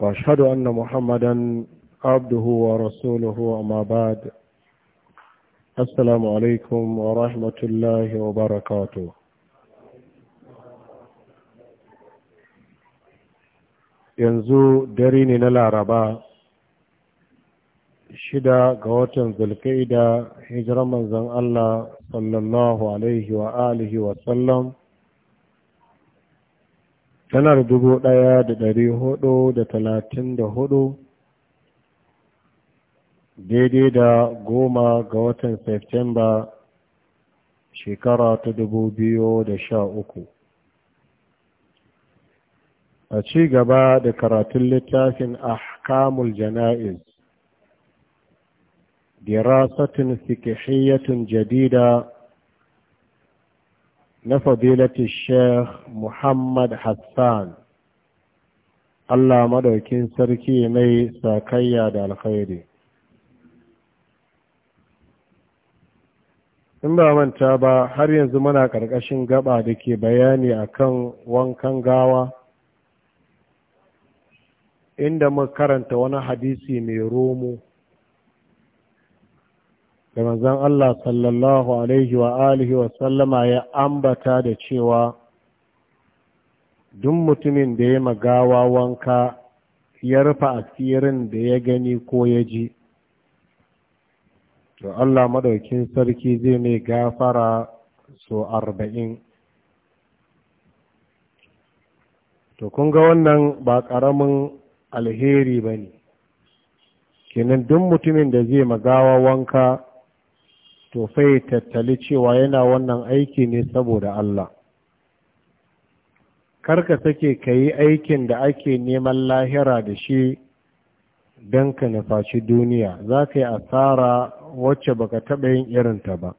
واشهد ان محمدا عبده ورسوله وما بعد السلام عليكم ورحمه الله وبركاته yanzu dare ne na laraba shida ga watan zulkaida hijiran manzon Allah sallallahu alaihi wa alihi wa sallam tanar dubu ɗaya da ɗari hudu da talatin da hudu daidai da goma ga watan Septemba shekara ta dubu biyu da sha uku a ci gaba da karatun littafin ahkamul jana'iz dirasatin fikihiyatun jadida na fadilati sheikh muhammad hassan allah madaukin sarki mai sakayya da alkhairi in ba manta ba har yanzu muna ƙarƙashin gaba da ke bayani akan wankan gawa inda muka karanta wani hadisi mai romo da manzan Allah sallallahu Alaihi wa alihi wa sallama ya ambata da cewa duk mutumin da ya magawa wanka ya rufe asirin da ya gani ko ya ji to Allah maɗaukin sarki zai mai gafara so arba'in to kun ga wannan ba ƙaramin alheri ba ne kenan duk mutumin da zai magawa wanka to fai tattali cewa yana wannan aiki ne saboda Allah karka sake ka yi aikin da ake neman lahira da shi don ka nufaci duniya za ka yi asara wacce baka taɓa yin irinta ba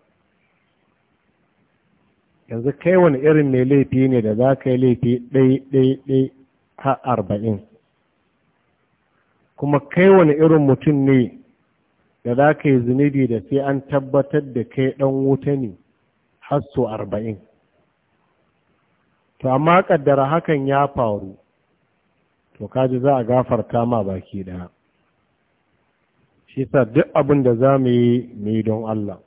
yanzu kai wani irin mai laifi ne da za ka yi laifi ɗai-ɗai-ɗai har arba'in kuma kai wani irin mutum ne da za ka yi zunubi da sai an tabbatar da kai ɗan wuta ne har so arba'in to amma ƙaddara hakan ya faru to kaji za a gafarta ma baki ɗaya shi sa duk abin da za mu yi mai don Allah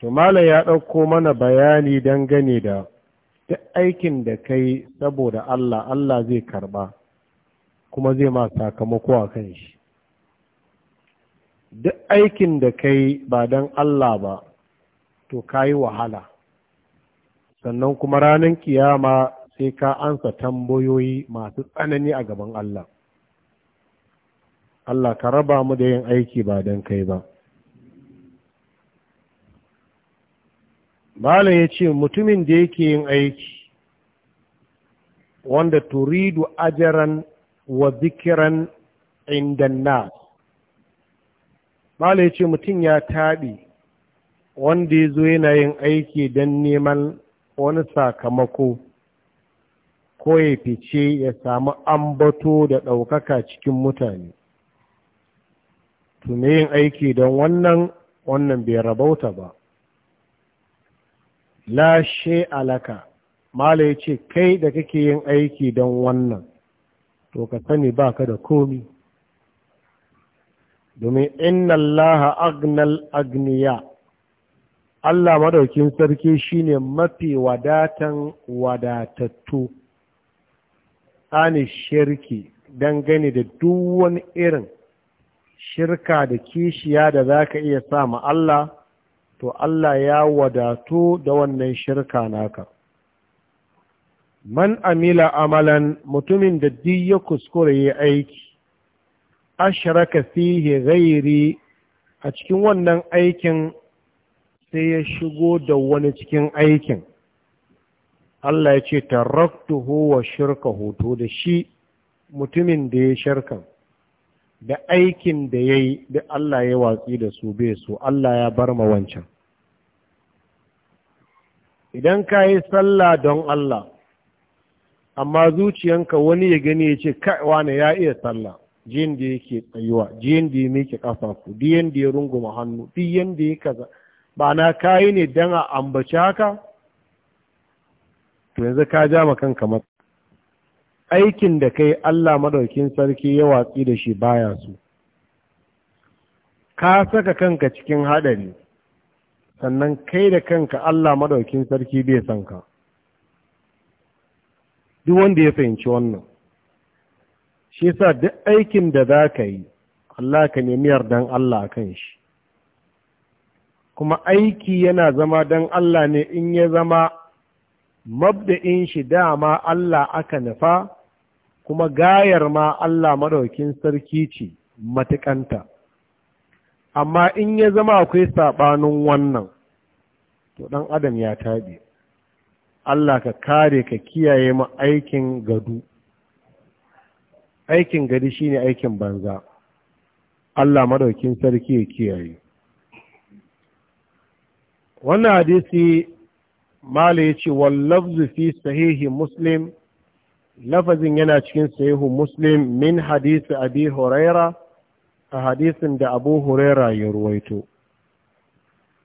to mala ya ɗauko mana bayani don gani da duk aikin da kai saboda Allah Allah zai karɓa kuma zai ma sakamako a kan shi duk aikin da ka ba don Allah ba to ka yi wahala sannan kuma ranar kiyama sai ka ansa tambayoyi masu tsanani a gaban Allah Allah ka raba mu da yin aiki ba don kai ba Malam ya ce mutumin da yake yin aiki wanda turidu ajaran wa zikiran inda nas mala ya ce mutum ya taɗi wanda ya zo yana yin aiki don neman wani sakamako ko ya fice ya samu ambato da ɗaukaka cikin mutane tume yin aiki don wannan wannan bai rabauta ba lashe alaka mala ya ce kai da kake yin aiki don wannan to ka sani ka da komi domin inna allaha agnal agniya Allah madaukin sarki shine mafi wadatan wadatattu ani shirki dangane da duk wani irin shirka da kishiya da zaka iya sa ma Allah to Allah ya wadatu da wannan shirka naka man amila amalan mutumin da duk ya kuskure aiki ashraka fihi ghairi a cikin wannan aikin sai ya shigo da wani cikin aikin Allah ya ce taraktuhu wa shirka hoto da shi mutumin da ya shirka da aikin da ya yi da Allah ya watsi da su bai su, Allah ya bar ma wancan idan ka yi sallah don Allah amma zuciyanka wani ya gani ya ce kaiwa ne ya iya sallah jiyan da yake tsayuwa jiyan da ya miƙe ƙafafu diyan da ya runguma hannu diyan da ya kaza ba na kayi ne don a ambaci haka to yanzu ka ja ma kanka mata aikin da kai Allah madaukin sarki ya watsi da shi baya su ka saka kanka cikin haɗari sannan kai da kanka Allah madaukin sarki bai san ka duk wanda ya fahimci wannan shi yasa duk aikin da za ka yi Allah ka nemi yardan Allah a kan shi kuma aiki yana zama don Allah ne in ya zama mabda'in shi dama Allah aka nufa kuma gayar ma Allah maɗaukin sarki ce matukanta amma in ya zama akwai saɓanin wannan to ɗan adam ya taɓe Allah ka kare ka kiyaye mu aikin gadu aikin gari shine aikin banza Allah madaukin sarki ya kiyaye wannan hadisi mala ya ce wallafzu fi sahihi muslim lafazin yana cikin sahihu muslim min hadisi abi huraira a hadisin da abu huraira ya ruwaito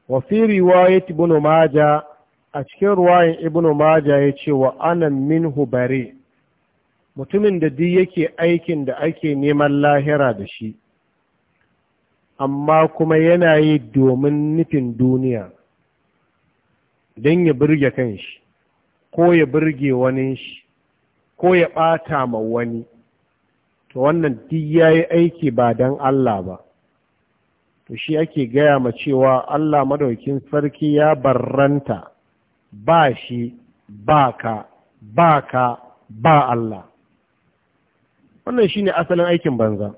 wa fi riwayat ibn maja a cikin ruwayan ibnu maja ya ce wa ana minhu bare mutumin da duk yake aikin da ake neman lahira da shi amma kuma yana yi domin nufin duniya don ya birge kanshi ko ya birge wani shi ko ya ɓata ma wani to wannan duk ya yi aiki ba don Allah ba to shi ake gaya ma cewa Allah madaukin sarki ya barranta ba shi ba ka ba ka ba Allah wannan shine asalin aikin banza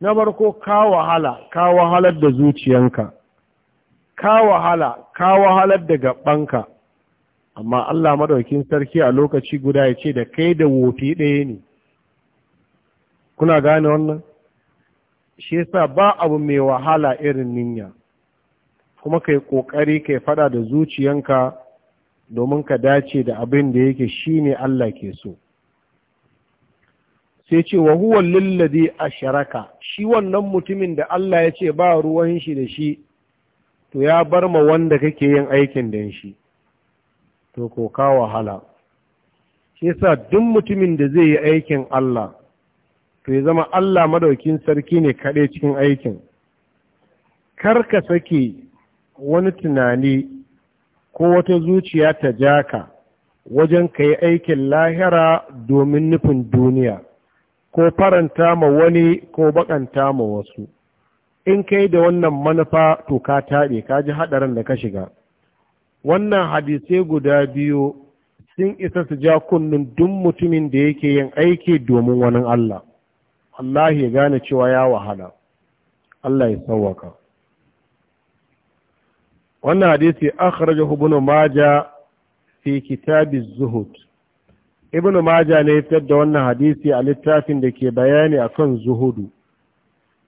na barko ka wahala ka wahalar da zuciyanka ka wahala ka wahalar da gabanka amma Allah madaukin sarki a lokaci guda ya ce da kai da wofi ɗaya ne kuna gane wannan shi yasa ba abu mai wahala irin ninya kuma kai kokari kai fada da zuciyanka domin ka dace da abin da yake shine Allah ke so sai ce wa huwa lillazi asharaka shi wannan mutumin da Allah ya ce ba ruwan shi da shi to ya bar ma wanda kake yin aikin da shi to ko ka wahala shi yasa duk mutumin da zai yi aikin Allah to ya zama Allah madaukin sarki ne kaɗai cikin aikin kar ka sake wani tunani ko wata zuciya ta jaka wajen ka yi aikin lahira domin nufin duniya ko faranta ma wani ko bakanta ma wasu in kai da wannan manufa to ka taɓe ka ji haɗarin da ka shiga wannan hadisai guda biyu sun isa su ja kunnun duk mutumin da yake yin aiki domin wani Allah Allah ya gane cewa ya wahala Allah ya sauwaka wannan hadisi akhrajahu ibn majah fi kitab az-zuhud ibn maja ne ya fitar da wannan hadisi a littafin da ke bayani akan zuhudu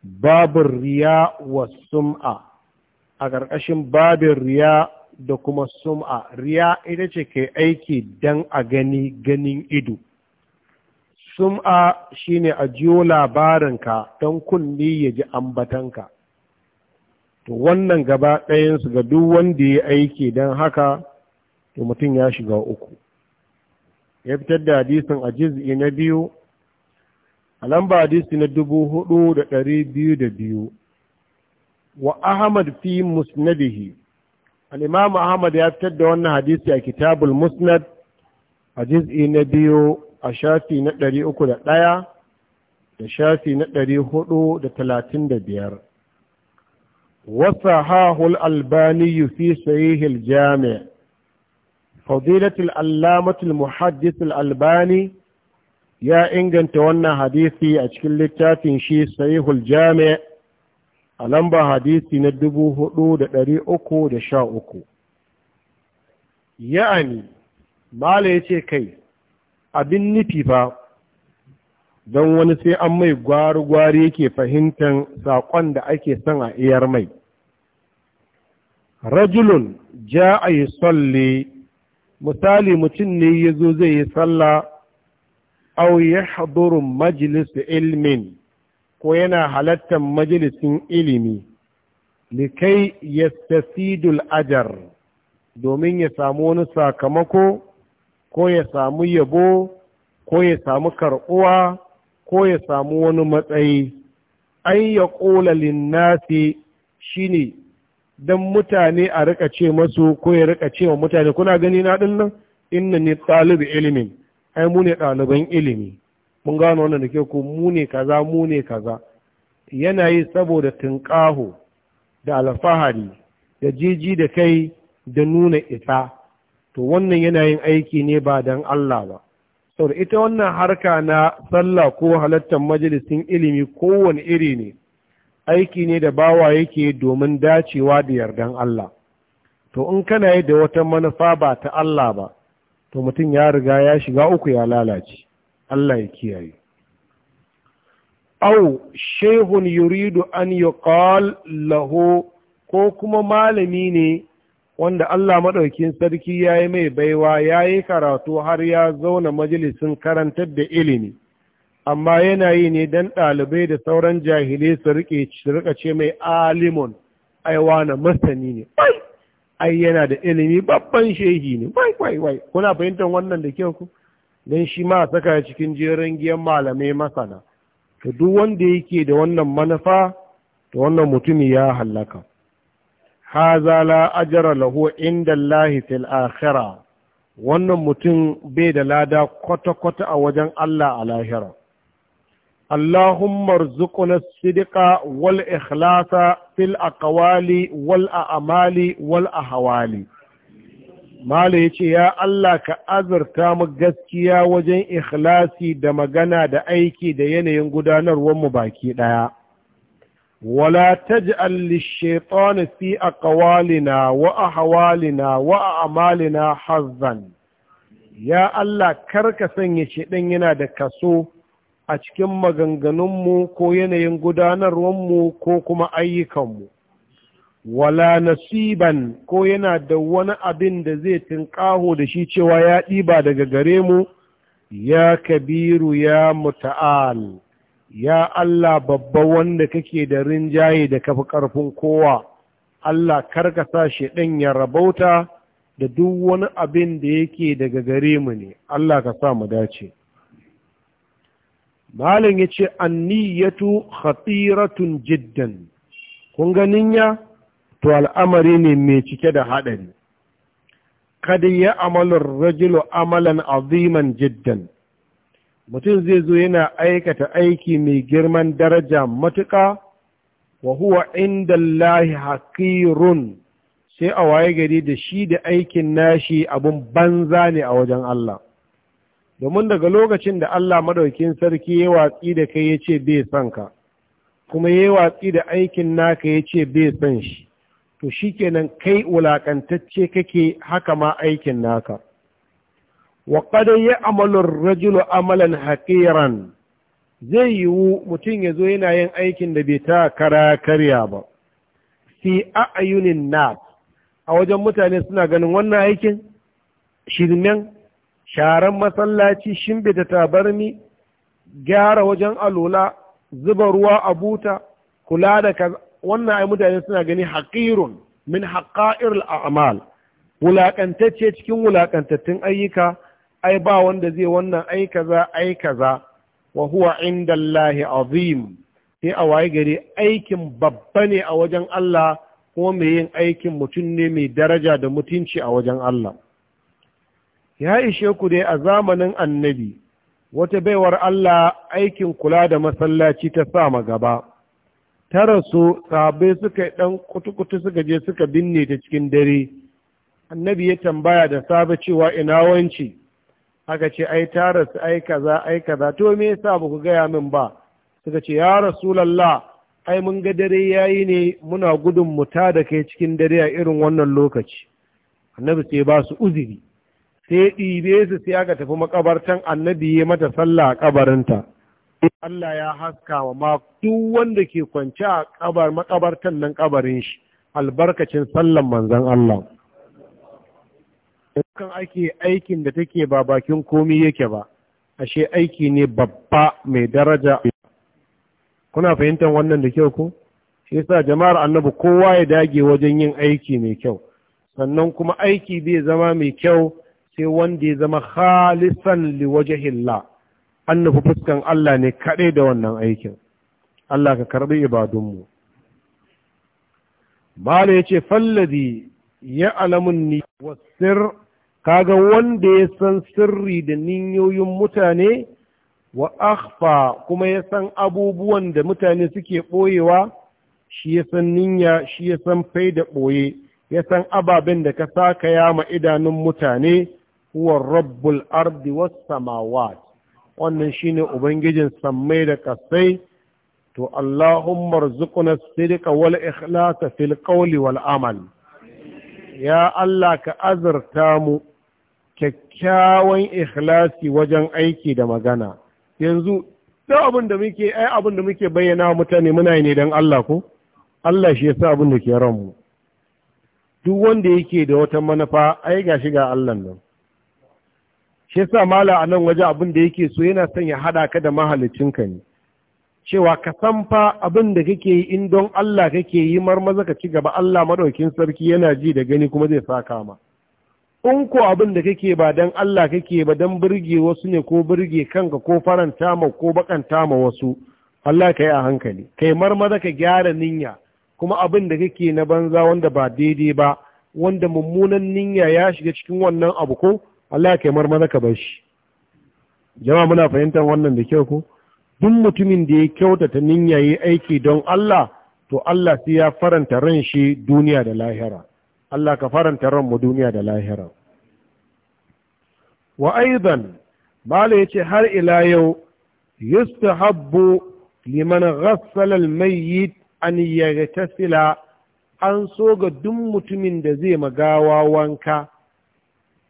babin riya wa sum'a a ƙarƙashin babin riya da kuma sum'a riya ita ce ke aiki don a gani ganin ido sum'a shine a jiyo labarinka don kunni ya ji ambatanka to wannan gaba ɗayansu ga duk wanda ya aiki don haka to mutum ya shiga uku ya fitar da hadisin a jiz'i na biyu a lamba hadisi na dubu hudu da dari biyu da biyu wa ahmad fi musnadihi al'imamu ahmad ya fitar da wannan hadisi a kitabul musnad a jiz'i na biyu a shafi na dari uku da ɗaya da shafi na dari hudu da talatin da biyar wasa hahul albani fi sahihil jami'a fadilatul allamatul muhaddisul albani ya inganta wannan hadisi a cikin littafin shi sahihul jami' a lamba hadisi na dubu hudu da ɗari uku da sha uku ya'ani mala yace kai abin nufi fa don wani sai an mai gwari-gwari yake fahimtar saƙon da ake son a iyar mai rajulun ja a yi tsalle misali mutum ne ya zo zai yi sallah au ya haɗurun majalis ilmin ko yana halattar majalisin ilimi kai ya tasidul ajar domin ya samu wani sakamako ko ya samu yabo ko ya samu karɓuwa ko ya samu wani matsayi an ya ƙola linnasi ne. don mutane a rika ce masu ko ya rika ce wa mutane kuna gani na din nan inna ni talib ilimin ai mu ne ɗaliban ilimi mun gano wannan da ke ku mu ne kaza mu ne kaza yana yi saboda tunƙaho da alfahari da jiji da kai da nuna ita to wannan yana yin aiki ne ba don Allah ba saboda ita wannan harka na sallah ko halattar majalisin ilimi kowane iri ne aiki ne da bawa yake domin dacewa da yardan Allah to in kana yi da wata manufa ba ta Allah ba to mutum ya riga ya shiga uku ya lalace Allah ya kiyaye au shehun yuridu an yi laho ko kuma malami ne wanda Allah maɗaukin sarki ya yi mai baiwa ya yi karatu har ya zauna majalisin karantar da ilimi amma yana yi ne don ɗalibai da sauran jahilai su rika ce mai alimun aiwa na masani ne ai yana da ilimi babban shehi ne wai wai wai kuna fahimtar wannan da kyau ku don shi ma saka cikin jerin giyan malamai masana to duk wanda yake da wannan manufa to wannan mutumi ya hallaka haza la ajara lahu inda lahi fil akhirah wannan mutum bai da lada kwata-kwata a wajen Allah a lahira na اللهم ارزقنا الصدق والإخلاص في الأقوال والأعمال والأهوال Mala ya ce, “Ya Allah ka azurta mu gaskiya wajen ikhlasi da magana da aiki da yanayin gudanarwar mu baki ɗaya. Wala taj'al lish-shaytani fi aqwalina wa ahwalina wa a'malina hazzan. Ya Allah kar ka sanya shi shedan yana da kaso a cikin maganganunmu ko yanayin gudanarwanmu ko kuma ayyukanmu wala nasiban ko yana da wani abin da zai tinƙaho da shi cewa ya ɗiba daga gare mu ya kabiru ya muta'al ya Allah babba wanda kake da rinjaye da kafi ƙarfin kowa Allah karkasa shi ɗan ya rabauta da duk wani abin da yake daga gare mu ne Allah ka sa mu dace malam ya ce anniyatu khatiratun jiddan kun ganin ya to al'amari ne mai cike da haɗari kada ya amalar rajulu amalan aziman jiddan mutum zai zo yana aikata aiki mai girman daraja matuƙa wa huwa inda Allahi haƙirun sai a waye gari da shi da aikin nashi abun banza ne a wajen Allah. domin daga lokacin da Allah madaukin sarki ya watsi da kai ya ce bai son ka kuma ya watsi da aikin naka ya ce bai son shi to shi kenan kai wulakantacce kake haka ma aikin naka wa qad ya ar-rajulu amalan haƙiran zai yiwu mutum ya zo yana yin aikin da bai ta kara karya ba fi a'ayunin nas a wajen mutane suna ganin wannan aikin shirmen sharan masallaci da tabarmi gyara wajen alola zuba ruwa a buta kula da kaza wannan ai mutane suna gani haƙirun min haƙa'ir al'amal wulaƙantacce cikin wulaƙantattun ayyuka ai ba wanda zai wannan ai kaza ai kaza wa huwa inda Allahi azim sai a waye gari aikin babba ne a wajen Allah kuma mai yin aikin mutum ne mai daraja da mutunci a wajen Allah ya ishe ku dai a zamanin annabi wata baiwar Allah aikin kula da masallaci ta ma gaba ta rasu sabe suka ɗan kutukutu suka je suka binne ta cikin dare annabi ya tambaya da safe cewa ina wanci aka ce ai ta rasu ai kaza ai kaza to me yasa ba ku gaya min ba suka ce ya rasulullah ai mun ga dare yayi ne muna gudun muta da kai cikin dare a irin wannan lokaci annabi sai ba su uzuri sai ɗibe su sai aka tafi makabartan annabi ya mata sallah a kabarinta Allah ya haska wa ma duk wanda ke kwance a kabar makabartan nan kabarin shi albarkacin sallan manzon Allah kan ake aikin da take ba bakin komi yake ba ashe aiki ne babba mai daraja kuna fahimtar wannan da kyau ko shi yasa jama'ar annabi kowa ya dage wajen yin aiki mai kyau sannan kuma aiki bai zama mai kyau sai wanda ya zama khalisan liwajhillah an nufi fuskan Allah ne kaɗai da wannan aikin Allah ka karɓi ibadunmu Mala ya ce fallazi ya alamun ni wasir kaga wanda ya san sirri da ninyoyin mutane wa akhfa kuma ya san abubuwan da mutane suke ɓoyewa shi ya san ninya shi ya san fai da ɓoye ya san ababen da ka saka ya ma idanun mutane huwa rabbul ardi was samawat wannan shine ubangijin sammai da kasai to Allahumma rzuqna sidqa wal ikhlasa fil qawli wal amal ya Allah ka azurta mu kyakkyawan ikhlasi wajen aiki da magana yanzu da abin da muke ai abin da muke bayyana mutane muna ne dan Allah ko Allah shi yasa abin da ke ranmu duk wanda yake da wata manufa ai gashi ga Allah nan shi yasa mala a nan waje abin da yake so yana son ya haɗa ka da ka ne cewa ka san fa abin da kake yi in don Allah kake yi marmaza ka ci gaba Allah madaukin sarki yana ji da gani kuma zai saka ma in ko abin da kake ba don Allah kake ba don burge wasu ne ko burge kanka ko faranta ma ko bakanta ma wasu Allah ka yi a hankali kai marmaza ka gyara niyya kuma abin da kake na banza wanda ba daidai ba wanda mummunan niyya ya shiga cikin wannan abu ko Allah kai maza ka bar shi jama'a muna fahimtar wannan da kyau ko duk mutumin da ya kyautata niyya yi aiki don Allah to Allah sai ya faranta ran shi duniya da lahira Allah ka faranta ran mu duniya da lahira wa aidan bala yace har ila yau yustahabbu liman ghassala almayyit an yaghtasila an so ga duk mutumin da zai magawa wanka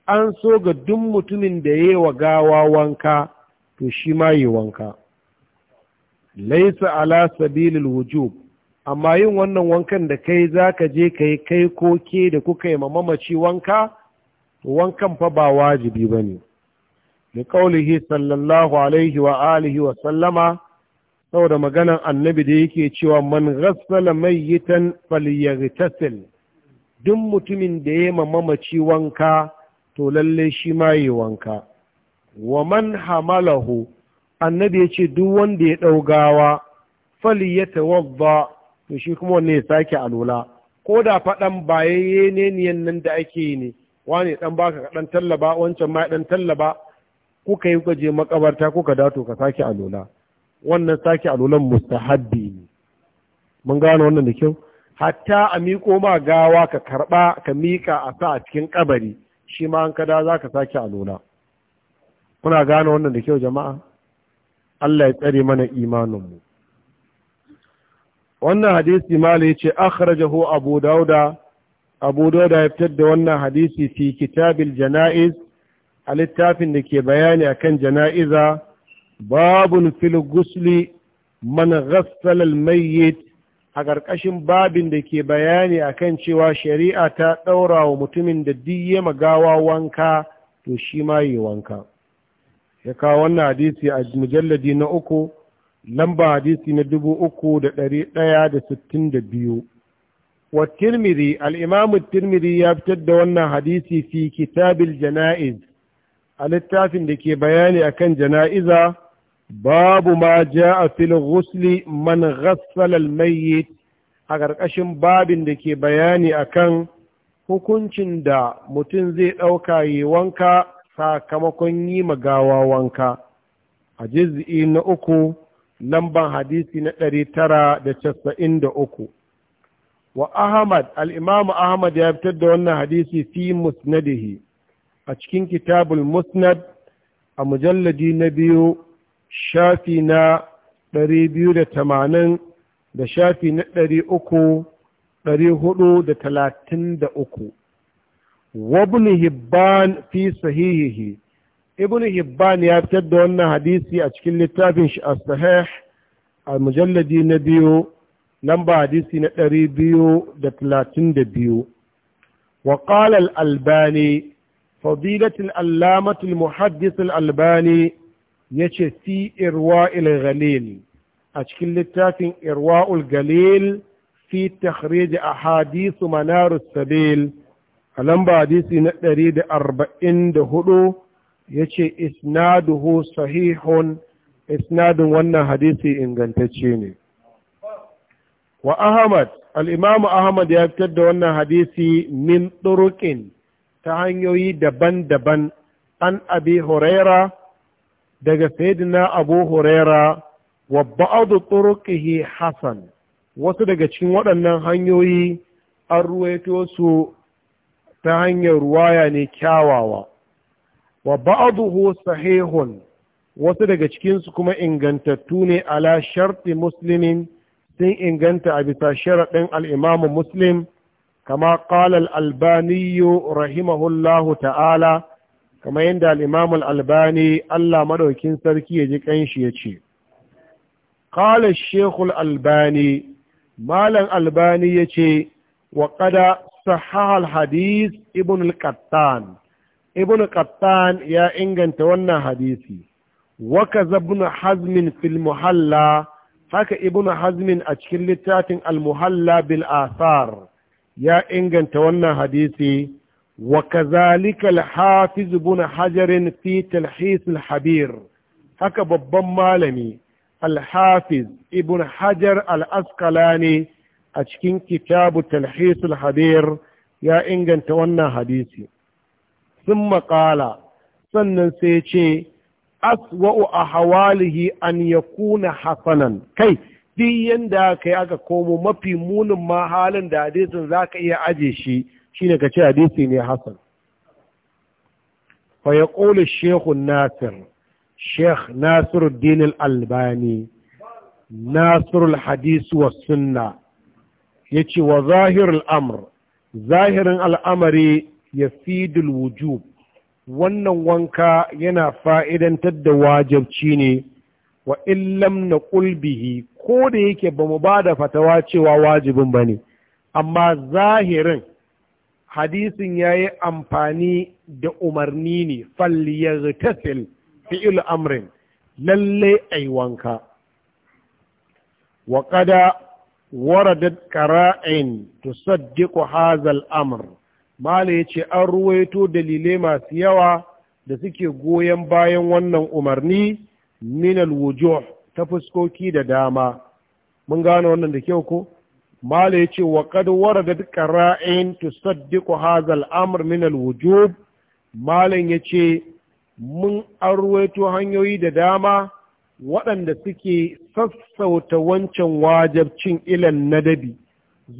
an so ga duk mutumin da ya wa gawa wanka to shi ma yi wanka laisa ala sabilil wujub amma yin wannan wankan da kai za ka je ka yi kai ko ke da kuka yi mamaci wanka to wankan fa ba wajibi ba ne da sallallahu alaihi wa alihi wa sallama saboda maganan annabi da yake cewa man ghassala mayyitan falyaghtasil duk mutumin da ya mamaci wanka to lalle shi ma yi wanka wa man hamalahu annabi ya ce duk wanda ya ɗau gawa fali ya tawadda to shi kuma wanne ya sake alula ko da faɗan bayayye ne niyan nan da ake yi ne ne ɗan baka ɗan tallaba wancan ma ɗan tallaba kuka yi kuka je makabarta kuka dato ka sake alula wannan sake alulan mustahabbi ne mun gane wannan da kyau hatta a miko ma gawa ka karɓa ka miƙa a sa a cikin kabari shi ma an kada za ka sake alola kuna gane wannan da kyau jama'a Allah ya tsare mana imaninmu wannan hadisi mala ce akhrajahu abu dauda abu dauda ya fitar da wannan hadisi fi kitabil jana'iz a littafin da ke bayani akan jana'iza babun fil gusli man ghassala al a ƙarƙashin babin da ke bayani akan cewa shari'a ta ɗaura wa mutumin da diye magawa wanka to shi ma yi wanka ya kawo wannan hadisi a mujalladi na uku lamba hadisi na dubu uku da ɗari ɗaya da sittin da biyu wa Tirmiri al'imamu Tirmiri ya fitar da wannan hadisi fi kitabil jana'iz a littafin da ke bayani akan jana'iza babu ma ja a filin ghusli man ghassala a ƙarƙashin babin da ke bayani akan hukuncin da mutum zai ɗauka yi wanka sakamakon yi magawa wanka a jiz'i na uku lamban hadisi na ɗari tara da casa'in da uku wa ahmad al'imamu ahmad ya fitar da wannan hadisi fi musnadihi a cikin kitabul musnad a mujalladi na biyu shafi na ɗari biyu da tamanin da shafi na ɗari uku ɗari hudu da talatin da uku wabin hibban fi sahihihi ibn hibban ya fitar da wannan hadisi a cikin littafin shi a sahih a mujalladi na biyu lamba hadisi na ɗari biyu da talatin da biyu وقال Albani: فضيلة الألامة المحدث الألباني ya ce fi irwa'il galil a cikin littafin irwa'ul galil fi takhrij ahadithu manarus sabil a lamba hadisi na ɗari da arba'in da hudu ya ce isnaduhu sahihun isnadin wannan hadisi ingantacce ne wa ahmad al'imamu ahmad ya fitar da wannan hadisi min turuƙin ta hanyoyi daban-daban an abi huraira daga saidina abu huraira wa ba'adu turuqihi hasan wasu daga cikin waɗannan hanyoyi an ruwaito su ta hanyar ruwaya ne kyawawa wa ba'aduhu sahihun wasu daga cikinsu kuma ingantattu ne ala sharti muslimin sun inganta a bisa sharaɗin al'imamu muslim kama ƙalal albaniyu rahimahullahu ta'ala kamar yadda al'imamul albani Allah maɗaukin sarki ya ji ƙanshi ya ce, Kala Shekul albani, Malam albani ya ce, wa ƙada sahal hadis Ibn al-Qattan, Ibn al-Qattan ya inganta wannan hadisi, waka zabin hazmin fil muhalla, haka Ibn hazmin a cikin littafin al-muhalla bil asar ya inganta wannan hadisi. وكذلك الحافظ بن حجر في تلحيث الحبير هكا ببن مالمي الحافظ ابن حجر a cikin kitabu تلحيث الحبير ya inganta wannan hadisi. Sun maƙala. sannan sai ce aswa'u a hawalihi an ya kuna hasanan kai duk yadda aka yi aka komo mafi munin mahalin da hadisin za ka iya aje shi shine ka ce hadisi ne hasan fa ya ƙoli shaykh nasir Shekh Nasiru al-albani hadisu hadisi suna sunna yace wa zahirul amr zahirin al'amari ya fi wujub wannan wanka yana fa'idantar da wajabci ne wa illam na ƙulbihi ko da yake ba mu ba da fatawa cewa wajibin ba ne, amma zahirin hadisin ya yi amfani da umarni ne falliyar tafil fi'il amrin lalle yi wanka wa kada waradat qara'in tusaddiqu hazal amr mala ce an ruwaito dalilai masu yawa da suke goyon bayan wannan umarni Minal alwujuh ta fuskoki da dama mun gane wannan da kyau ko mala ya ce wa kad warada qara'in tusaddiqu hadha al-amr min al-wujub ya ce mun arwaito hanyoyi da dama waɗanda suke sassauta wancan wajabcin ilan nadabi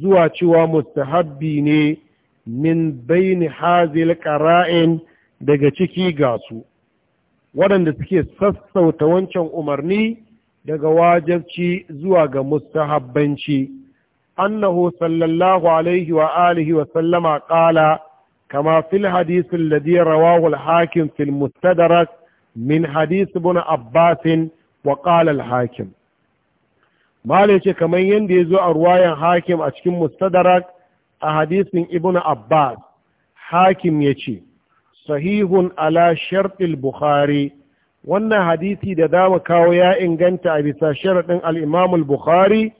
zuwa cewa mustahabbi ne min baini hazil qara'in daga ciki ga su waɗanda suke sassauta wancan umarni daga wajabci zuwa ga mustahabbanci أنه صلى الله عليه وآله وسلم قال كما في الحديث الذي رواه الحاكم في المستدرك من حديث ابن عباس وقال الحاكم مالك كما يندي أرواية حاكم أشكم مستدرك أحاديث ابن عباس حاكم يشي صحيح على شرط البخاري wannan hadisi da za mu kawo ya inganta a bisa sharaɗin al'imamul bukhari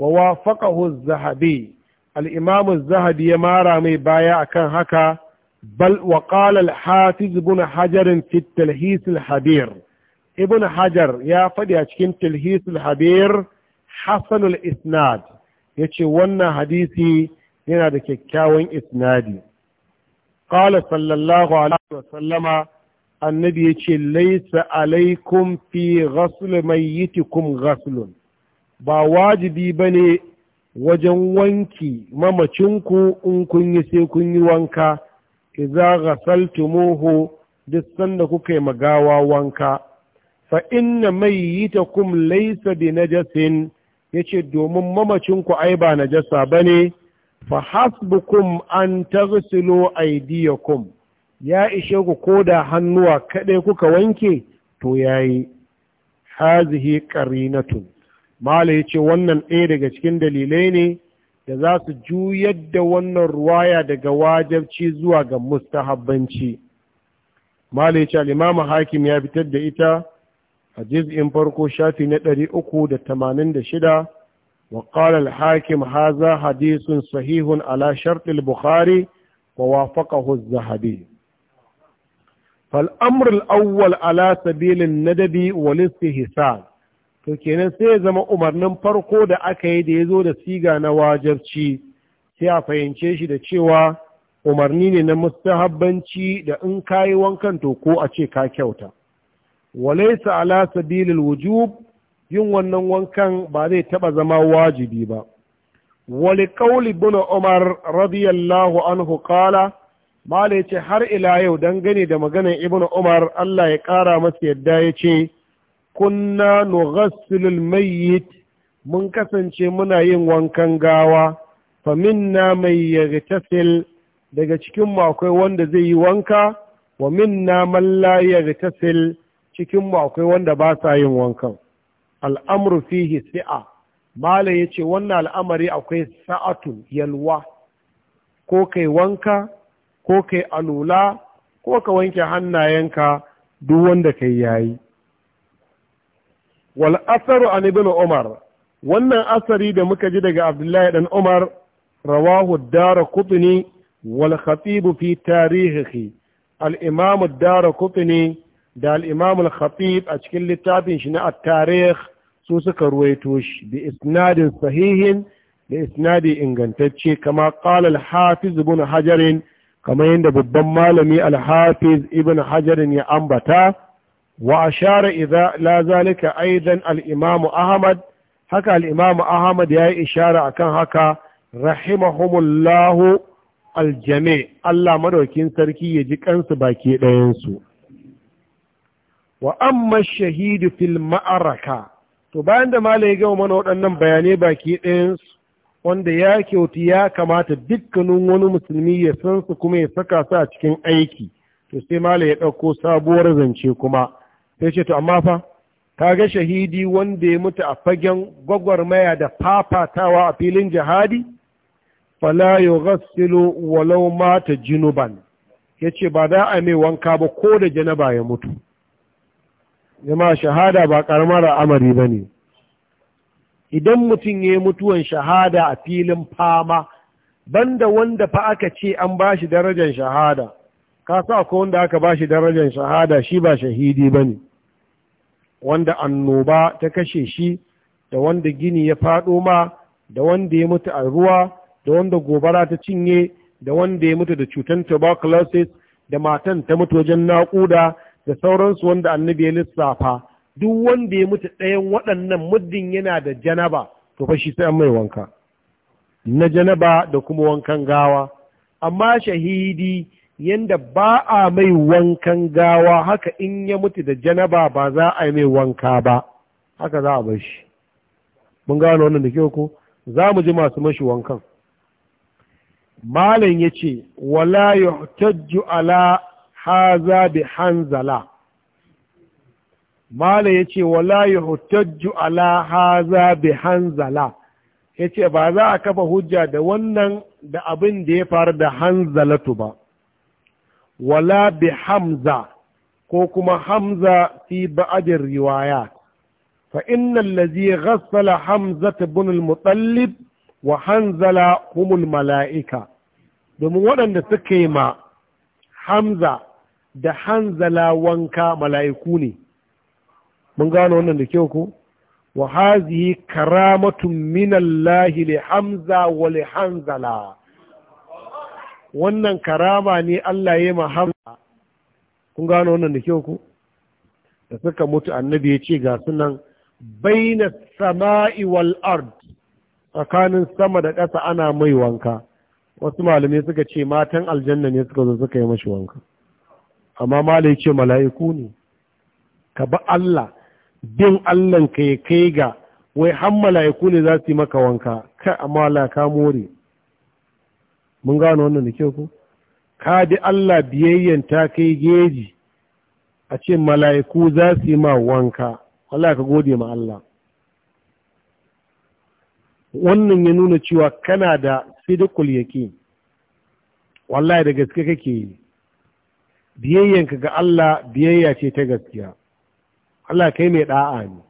wa wafaqahu az-zahabi al-imam az-zahabi ya mara mai baya akan haka bal wa al-hafiz ibn hajarin fi talhis al-habir ibn hajar ya faɗi a cikin talhis al-habir hasan al-isnad yace wannan hadisi yana da kyakkyawan isnadi qala sallallahu alaihi wa sallama annabi yace laysa alaikum fi ghasl mayyitikum ghaslun ba wajibi ba ne wajen wanki mamacinku in kun yi sai kun yi wanka iza ghasaltumuhu duk sanda kuka yi magawa wanka fa inna mayyitakum na bi najasin ce domin mamacinku ai ba najasa ne. fa hasbukum an taghsilu kum. ya ishe ku ko da hannuwa kaɗai kuka wanke to ya yayi hazihi tun. mala ya ce wannan ɗaya daga cikin dalilai ne da za su juyar da wannan ruwaya daga wajabci zuwa ga mustahabbanci mala ya ce al'imamu hakim ya fitar da ita a jiz'in farko shafi na ɗari uku da tamanin da shida wa ƙalar hakim haza hadisun sahihun ala sharɗil bukhari wa wafaƙahu zahabi فالأمر الأول على سبيل الندب والاستهسان to kenan sai ya zama umarnin farko da aka yi da ya zo da siga na wajarci sai a fahimce shi da cewa umarni ne na mustahabbanci da in kayi wankan to ko a ce ka kyauta walaisa ala sabilil wujub yin wannan wankan ba zai taba zama wajibi ba wali qauli ibn umar radiyallahu anhu qala mala yace har ila yau dangane da maganar Ibn umar Allah ya kara masa yadda yace kunna nughassilul mayyit mun kasance muna yin wankan gawa faminna mai yartasil daga cikin akwai wanda zai yi wanka wa minna man la yartasil cikin akwai wanda ba sa yin wankan al'amru fihi si'a malam yace wannan al'amari akwai sa'atun yalwa ko kai wanka ko kai alula ko ka wanke hannayenka duk wanda kai yayi wal asaru an ibn umar wannan asari da muka ji daga abdullahi dan umar rawahu dara kutni wal khatib fi tarihihi al imam dara kutni da al imam al khatib a cikin littafin shi na at su suka ruwaito shi bi isnadin sahihin da isnadi ingantacce kama qala al hafiz ibn hajar kamar yadda babban malami al hafiz ibn hajar ya ambata وأشار إذا لا ذلك أيضا الإمام أحمد هكا الإمام أحمد يا إشارة أكن هكا رحمهم الله الجميع الله مروكين سركي يجيك أنس باكي لينسو وأما الشهيد في المعركة to bayan da mala ya gama mana waɗannan bayanai baki ɗayansu wanda ya kyauta ya kamata dukkanin wani musulmi ya san su kuma ya saka su a cikin aiki to sai mala ya ɗauko sabuwar zance kuma sai ce to amma fa ka ga shahidi wanda ya mutu a fagen gwagwarmaya da fafatawa a filin jihadi fala yughassilu walau mata ya ce ba za a mai wanka ba ko da janaba ya mutu zama shahada ba karamar amari ne. idan mutum ya yi mutuwan shahada a filin fama banda wanda fa aka ce an ba shi darajar shahada ka sa ko wanda aka shi darajar shahada shi ba shahidi ba ne. wanda annoba ta kashe shi da wanda gini ya faɗo ma da wanda ya mutu a ruwa da wanda gobara ta cinye da wanda ya mutu da cutar tuberculosis da matan ta mutu wajen naƙuda da sauransu wanda annabi ya lissafa duk wanda ya mutu ɗayan waɗannan muddin yana da janaba to fa shi sai an mai wanka na janaba da kuma wankan gawa amma shahidi yanda ba a mai wankan gawa haka in ya mutu da janaba ba za a yi mai wanka ba haka za a bar shi mun gano wannan da kyau ko za mu ji masu mashi wankan malam ya ce wala yuhtajju ala haza bi hanzala malin ya ce wala yuhtajju ala haza bi hanzala ya ce ba za a kafa hujja da wannan da abin da ya faru da hanzalatu ba wala bi hamza ko kuma hamza fi ba'adin riwaya, fa innal ladhi ghassala hamza ibn al-muttalib wa hanzala humul mala'ika domin waɗanda suka yi ma hamza da hanzala wanka mala'iku ne mun gano wannan da kyau ko wa hazihi karamatun minallahi li hamza wa li hanzala wannan karama ne Allah ya ma hamza kun gano wannan da kyau ku da suka mutu annabi ya ce ga sunan baina sama'i wal ard tsakanin sama da ƙasa ana mai wanka wasu malamai suka ce matan aljanna ne suka zo suka yi mashi wanka amma malai ce mala'iku ne ka ba Allah bin Allah ka ya kai ga wai har mala'iku ne za su yi maka wanka kai amma Allah ka more mun gano wannan da kyau ko ka bi Allah biyayyan ta kai geji a ce mala'iku za su yi ma wanka Allah ka gode ma Allah wannan ya nuna cewa kana da sidikul yake wallahi da gaske kake yi biyayyanka ga Allah biyayya ce ta gaskiya Allah kai mai da'a ne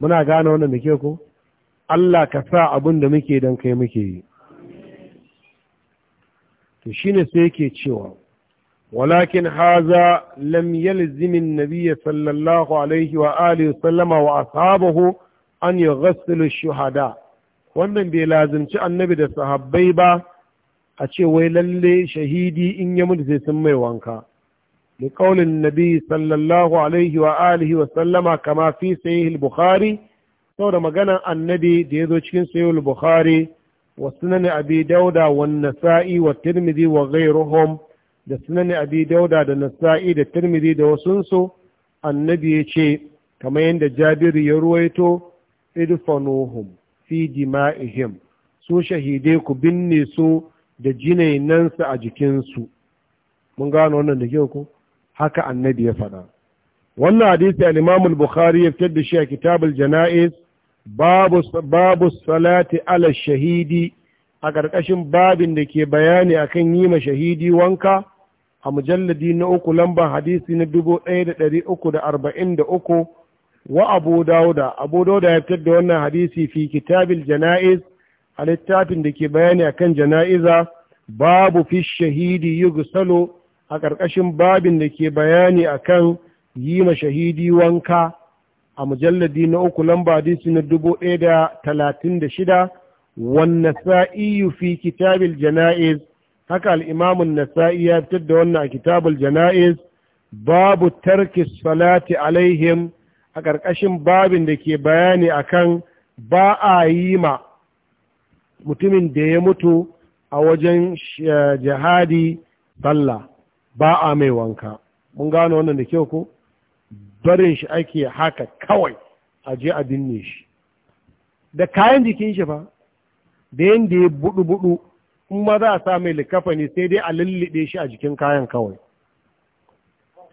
muna gane wannan da ke ko Allah ka sa abin da muke don kai muke yi to shine sai yake cewa walakin haza lam yalzimin nabiyya sallallahu alaihi wa alihi sallama wa ashabahu an yughassalu shuhada wannan bai lazimci annabi da sahabbai ba a ce wai lalle shahidi in ya mutu sai sun mai wanka sallallahu alaihi صلى wa sallama kama وسلم كما في صحيح Bukhari saboda maganan annabi da ya zo cikin al bukhari وسنن أبي داود والنسائي والترمذي وغيرهم da sunan abi dauda da nasa'i da tirmidhi da wasunsu annabi ya ce kamar yadda jabiru ya ruwaito idfanuhum fi dima'ihim su shahidai ku binne su da jinainansu a jikinsu mun gano wannan da kyau ku haka annabi ya faɗa wannan hadisi al-imam bukhari ya fitar da shi a kitabul janaiz babu salati ala shahidi a ƙarƙashin babin da ke bayani akan yi ma shahidi wanka a mujalladi na uku lamba hadisi na dubu ɗaya da ɗari uku da arba'in da uku wa abu dauda abu dauda ya fitar da wannan hadisi fi kitabil jana'iz a littafin da ke bayani akan jana'iza babu fi shahidi yugsalo a ƙarƙashin babin da ke bayani akan yi ma shahidi wanka a mujalladi na uku lamba hadisi na dubu ɗaya da talatin da shida wanne sa'iyu fi kitabil jana'iz haka al'imamun nasa'i ya fitar da wannan a kitabul jana'iz babu tarki salati alaihim a ƙarƙashin babin da ke bayani akan ba a yi ma mutumin da ya mutu a wajen eh, jihadi sallah ba a mai wanka mun gano wannan da kyau ko barin shi ake haka kawai a je a binne shi da kayan jikin shi ba da yadda ya budu-budu in ma za a sa mai likafa ne sai dai a lullube shi a jikin kayan kawai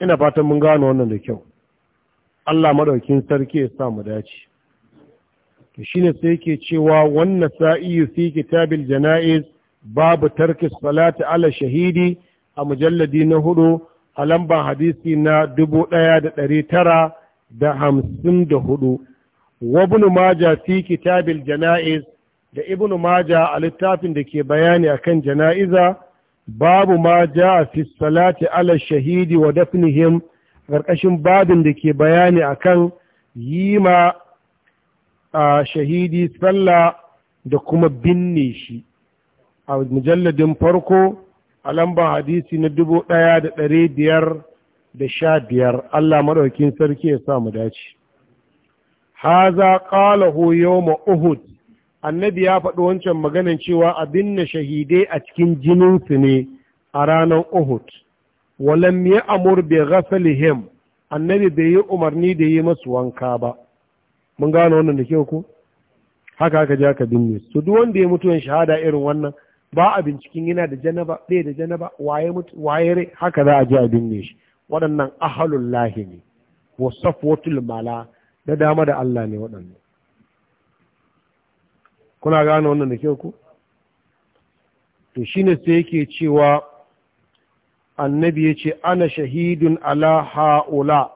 ina fatan mun gano wannan da kyau Allah madaukin sarki ya sa mu dace to shine sai yake cewa wannan sa'i fi kitabil janaiz babu tarki salati ala shahidi a mujalladi na hudu a lamban hadisi na dubu ɗaya da ɗari tara da hamsin da hudu wabnu maja fi kitabil jana'iz da ibn maja a littafin da ke bayani akan jana'iza babu ma ja fi salati ala shahidi wa dafnihim ƙarƙashin babin da ke bayani akan yi ma a shahidi sallah da kuma binne shi a mujalladin farko a lambar hadisi na dubu ɗaya da ɗari biyar da sha biyar Allah maɗaukin sarki ya sa mu dace. Haza ƙalahu yau Uhud, annabi ya faɗi wancan maganan cewa abin na shahidai a cikin jininsu ne a ranar Uhud. Walam ya amur bi ghasalihim annabi bai yi umarni da yi masu wanka ba. Mun gano wannan da kyau ko? Haka haka ja ka binne. Su duk wanda ya mutuwan shahada irin wannan ba a binciken yana da janaba ɗaya da janaba waye mutu waye rai haka za a ji a binne shi waɗannan ahalul lahi ne wa safwatul mala da dama da Allah ne waɗannan kuna gane wannan da kyau ku to shine sai yake cewa annabi yace ana shahidun ala haula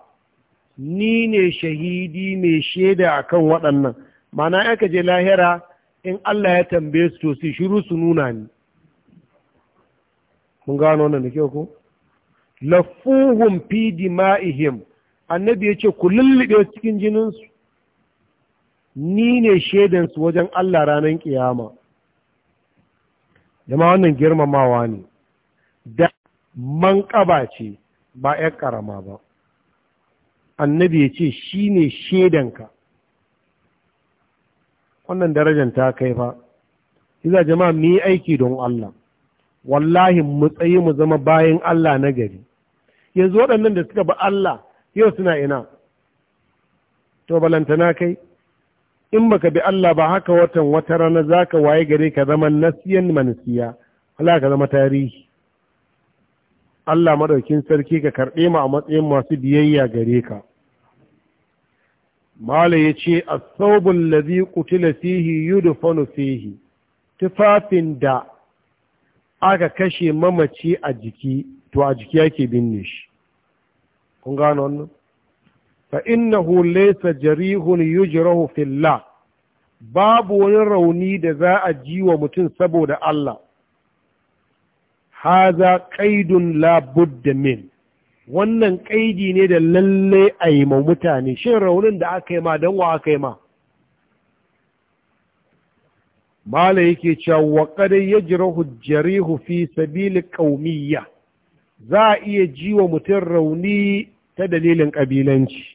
ni ne shahidi mai shaida akan waɗannan ma'ana aka je lahira in Allah ya tambaye su to su shiru su nuna ni mun gano wannan da kyau ko lafuhum fi dima'ihim annabi ya ce ku lullube cikin jininsu ni ne shaidansu wajen Allah ranar kiyama jama wannan girmamawa ne da man kaba ce ba ‘yan karama ba annabi ya ce shi ne shaidanka wannan darajar ta kai fa iza jama'a mu yi aiki don Allah wallahi mu tsayi mu zama bayan Allah na gari yanzu waɗannan da suka ba Allah yau suna ina to balantana kai in baka bi Allah ba haka watan wata rana zaka waye gare ka zama nasiyan manasiya Allah ka zama tarihi Allah madaukin sarki ka karɓe mu a matsayin masu biyayya gare ka mala ya ce a saubin lazi kutila fihi yudufanu fihi tufafin da aka kashe mamaci a jiki to a jiki yake binne shi kun gano wannan fa innahu laysa jarihun yujrahu fillah babu wani rauni da za a ji wa mutum saboda Allah haza qaidun la budda min wannan ƙaidi ne da lalle a yi ma mutane shin raunin da aka yi ma don wa aka yi ma mala yake cewa wa ya jira hujjarihu fi sabili ƙaumiyya za a iya ji wa mutum rauni ta dalilin ƙabilanci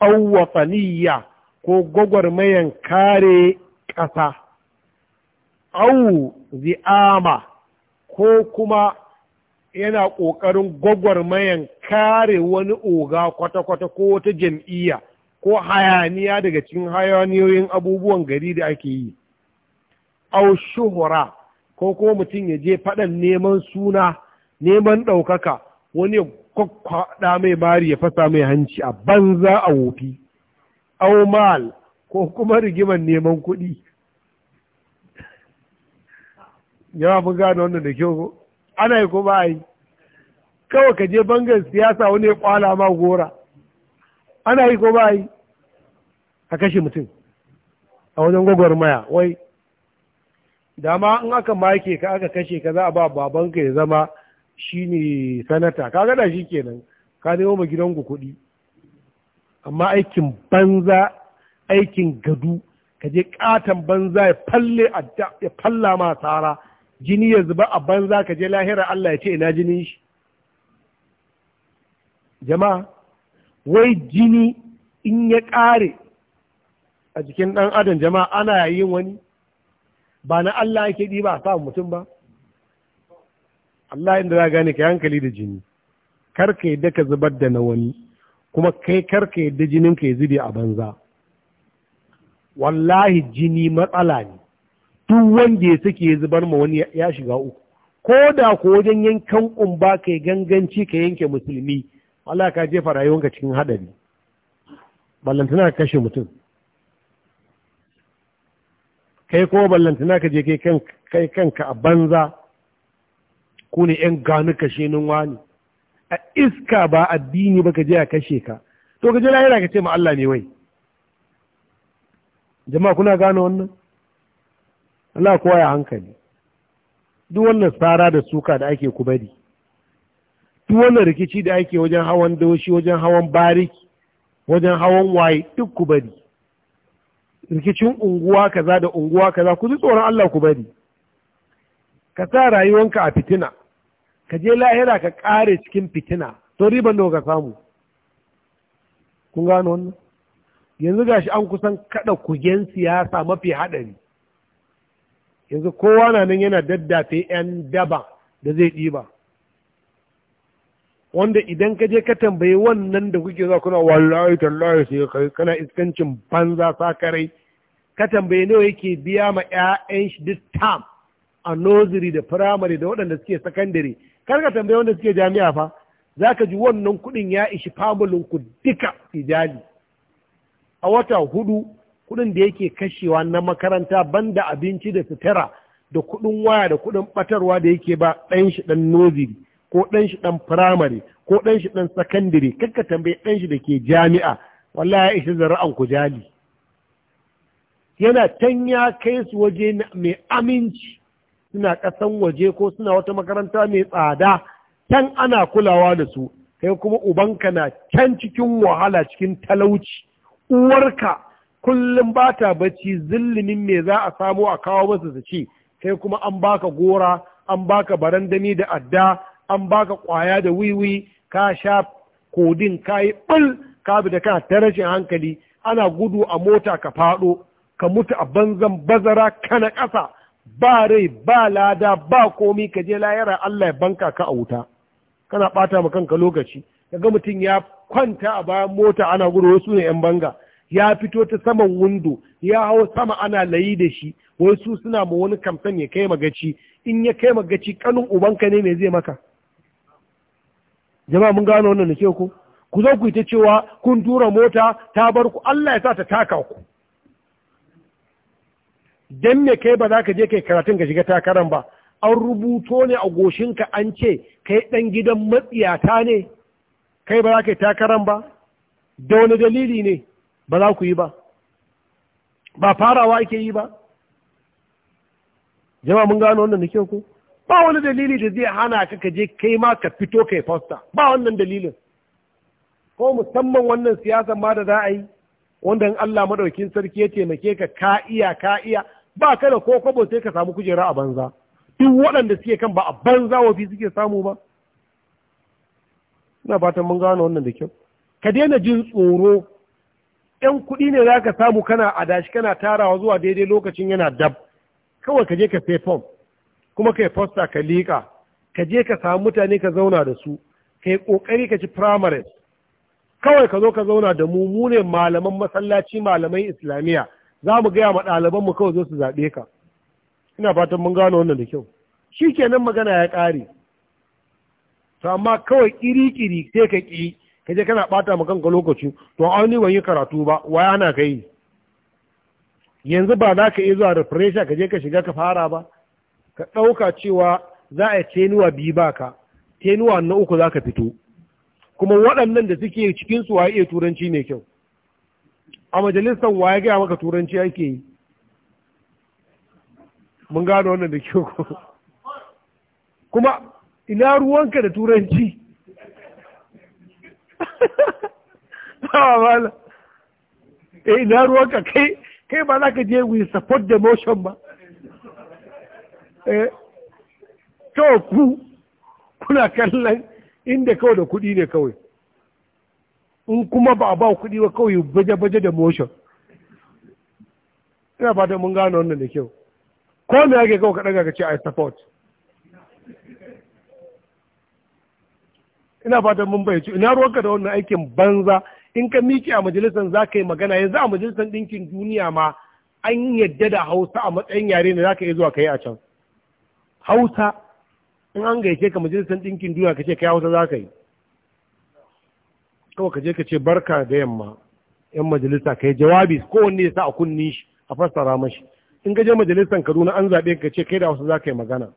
auwatsaniya ko gwagwarmayan kare ƙasa au zi'ama ko kuma yana ƙoƙarin gwagwarmayan kare wani oga kwata-kwata ko wata jam'iyya ko hayaniya daga cikin hayaniyoyin abubuwan gari da ake yi au shuhura ko ko mutum ya je faɗan neman suna neman ɗaukaka wani kwakwaɗa mai mari ya fasa mai hanci a banza a wofi au mal ko kuma rigimar neman kuɗi yawa mun gane wannan da kyau ana yi ko ba yi kawai ka je bangar siyasa wani ya kwala ma gora ana yi ko ba yi a kashe mutum a wajen gwagwarmaya wai dama in aka make ka aka kashe ka za a ba babanka ya zama shine sanata ka gada shi kenan ka nemo ma gidan kuɗi amma aikin banza aikin gadu ka je katon banza ya falla ma tsara jini ya zuba a banza ka je lahira Allah ya ce ina jini shi jama'a wai jini in ya ƙare a jikin ɗan adam jama'a ana yin wani ba na Allah ya ɗi ba a samun mutum ba Allah inda za gane ka hankali da jini karka ka yadda ka zubar da na wani kuma kai karka ka yadda jinin ka yi zube a banza wallahi jini matsala ne duk wanda ya sake ya zubar ma wani ya shiga uku ko da ko wajen yankan kumba ka ganganci ka yanke musulmi Allah ka jefa rayuwanka cikin haɗari ballantana ka kashe mutum kai kuma ballantana ka je kai kanka a banza ku ne yan gani kashe nun wani a iska ba addini ba ka je a kashe ka to ka je lahira ka ce ma Allah ne wai jama'a kuna gano wannan Allah kowa ya hankali duk wannan tsara da suka da ake kubari duk wannan rikici da ake wajen hawan doshi wajen hawan bariki wajen hawan waye duk kubari rikicin unguwa kaza da unguwa kaza ku ji tsoron Allah kubari ka sa rayuwanka a fitina ka je lahira ka ƙare cikin fitina to riban da ka samu kun gano wannan yanzu gashi an kusan kaɗa kugen siyasa mafi haɗari yanzu kowa na nan yana daddafe 'yan daba da zai ɗiba wanda idan ka je ka tambayi wannan da kuke za kuna wallahi tallahi sai kai kana iskancin banza sakarai ka tambayi nawa yake biya ma 'ya'yan shi duk tam a nursery da firamare da waɗanda suke sakandare kar ka tambayi wanda suke jami'a fa za ka ji wannan kuɗin ya ishi ku duka tijali a wata hudu kuɗin da yake kashewa na makaranta banda abinci da sutura da kuɗin waya da kuɗin batarwa da yake ba ɗan shi ɗan noziri ko ɗan shi ɗan firamare ko ɗan shi ɗan sakandire kanka tambayi ɗan shi da ke jami'a wallahi ya isa zara'an ku jali yana can ya kai su waje mai aminci suna ƙasan waje ko suna wata makaranta mai tsada can ana kulawa da su kai kuma ubanka na can cikin wahala cikin talauci uwarka kullum ba ta bacci zillimin me za a samu a kawo masa su ci kai kuma an baka gora an baka barandami da adda an baka kwaya da wiwi ka sha kodin ka yi ɓul ka bi da kana ta rashin hankali ana gudu a mota ka faɗo ka mutu a banzan bazara kana ƙasa ba rai ba lada ba komi ka je layara Allah ya banka ka a wuta kana ɓata ma kanka lokaci kaga mutum ya kwanta a bayan mota ana gudu wasu ne 'yan banga ya fito ta saman windo ya hau sama ana layi da shi wai su suna ma wani kamfan ya kai magaci in ya kai magaci kanin ubanka ne mai zai maka jama'a mun gano wannan da ku zo ku ita cewa kun tura mota ta bar ku Allah ya sa ta taka ku dan me kai ba za ka je kai karatun ka shiga takaran ba an rubuto ne a goshinka an ce kai dan gidan matsiyata ne kai ba za ka yi takaran ba da wani dalili ne ba za ku yi ba ba farawa ake yi ba jama mun gano wannan da kyau ku ba wani dalili da zai hana ka ka je kai ma ka fito kai fasta ba wannan dalilin ko musamman wannan siyasar ma da za a yi wanda Allah madaukin sarki ya taimake ka ka iya ka iya ba ka da ko kwabo sai ka samu kujera a banza duk waɗanda suke kan ba a banza wafi suke samu ba ina fatan mun gano wannan da kyau ka daina jin tsoro yan kuɗi ne za ka samu kana adashi kana tarawa zuwa daidai lokacin yana dab kawai ka je ka pay fom kuma ka yi fosta ka liƙa ka je ka samu mutane ka zauna da su ka yi ƙoƙari ka ci primaries kawai ka zo ka zauna da mu mu ne malaman masallaci malaman islamiyya za mu gaya ma ɗalibanmu kawai zo su zaɓe ka ina fatan mun gano wannan da kyau shi kenan magana ya ƙare to amma kawai ƙiri-ƙiri sai ka ƙi kaje kana bata ma kanka lokaci to auni ban yi karatu ba waya ka kai yanzu ba za ka iya zuwa refresha ka je ka shiga ka fara ba ka ɗauka cewa za a yi tenuwa biyu ba ka tenuwa na uku za ka fito kuma waɗannan da suke cikin su waye iya turanci mai kyau a majalisar waye gaya maka turanci ake yi mun gano wannan da kyau kuma ina ruwanka da turanci mala eh na ruwanka kai kai ba za ka je we support the motion ba eh to ku kuna kallon inda kawai da kuɗi ne kawai in kuma ba a ba kuɗi ba kawai baje-baje da motion ina fata mun gano wannan da kyau ko me ake kawai ka ɗaga ka ce i support ina fatan mun bayyace ina ruwanka da wannan aikin banza in ka miƙe a majalisar za ka yi magana yanzu a majalisar ɗinkin duniya ma an yadda da hausa a matsayin yare ne za ka iya zuwa ka yi a can hausa in an gaice ka majalisar ɗinkin duniya ka ce ka yi hausa za ka yi kawai ka je ka ce barka da yamma yan majalisa ka yi jawabi kowanne ya sa a kunni shi a fassara mashi in ka je majalisar kaduna an zaɓe ka ce kai da hausa za ka yi magana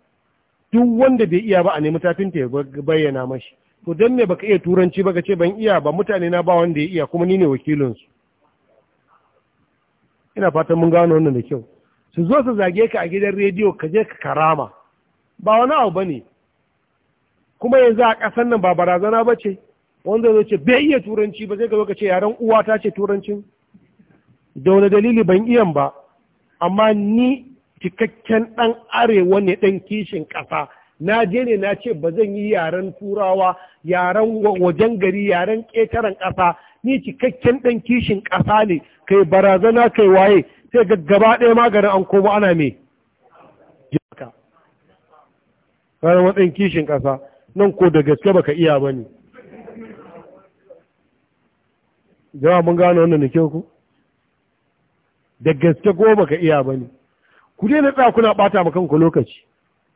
duk wanda bai iya ba a nemi tafinta ya bayyana mashi to dan ne baka iya turanci baka ce ban iya ba mutane na ba wanda ya iya kuma ni ne wakilinsu ina fatan mun gano wannan da kyau su zo su zage ka a gidan rediyo ka je ka karama ba wani abu ba ne kuma yanzu a ƙasar nan ba barazana ba ce wanda zai ce bai iya turanci ba sai ka zo ka ce yaren uwa ta ce turancin da wani dalili ban iyan ba amma ni cikakken ɗan arewa ne dan kishin ƙasa na je ne na ce ba zan yi yaren turawa yaren wajen gari yaren ƙetaren ƙasa ni cikakken ɗan kishin ƙasa ne kai barazana kai waye sai gaggaba ɗaya maganin an koma ana me jaka ranar matsayin kishin ƙasa nan ko da gaske baka iya ba ne jama'a mun gano wannan da ku da gaske ko baka iya ba ne ku daina tsaya kuna ɓata ma kanku lokaci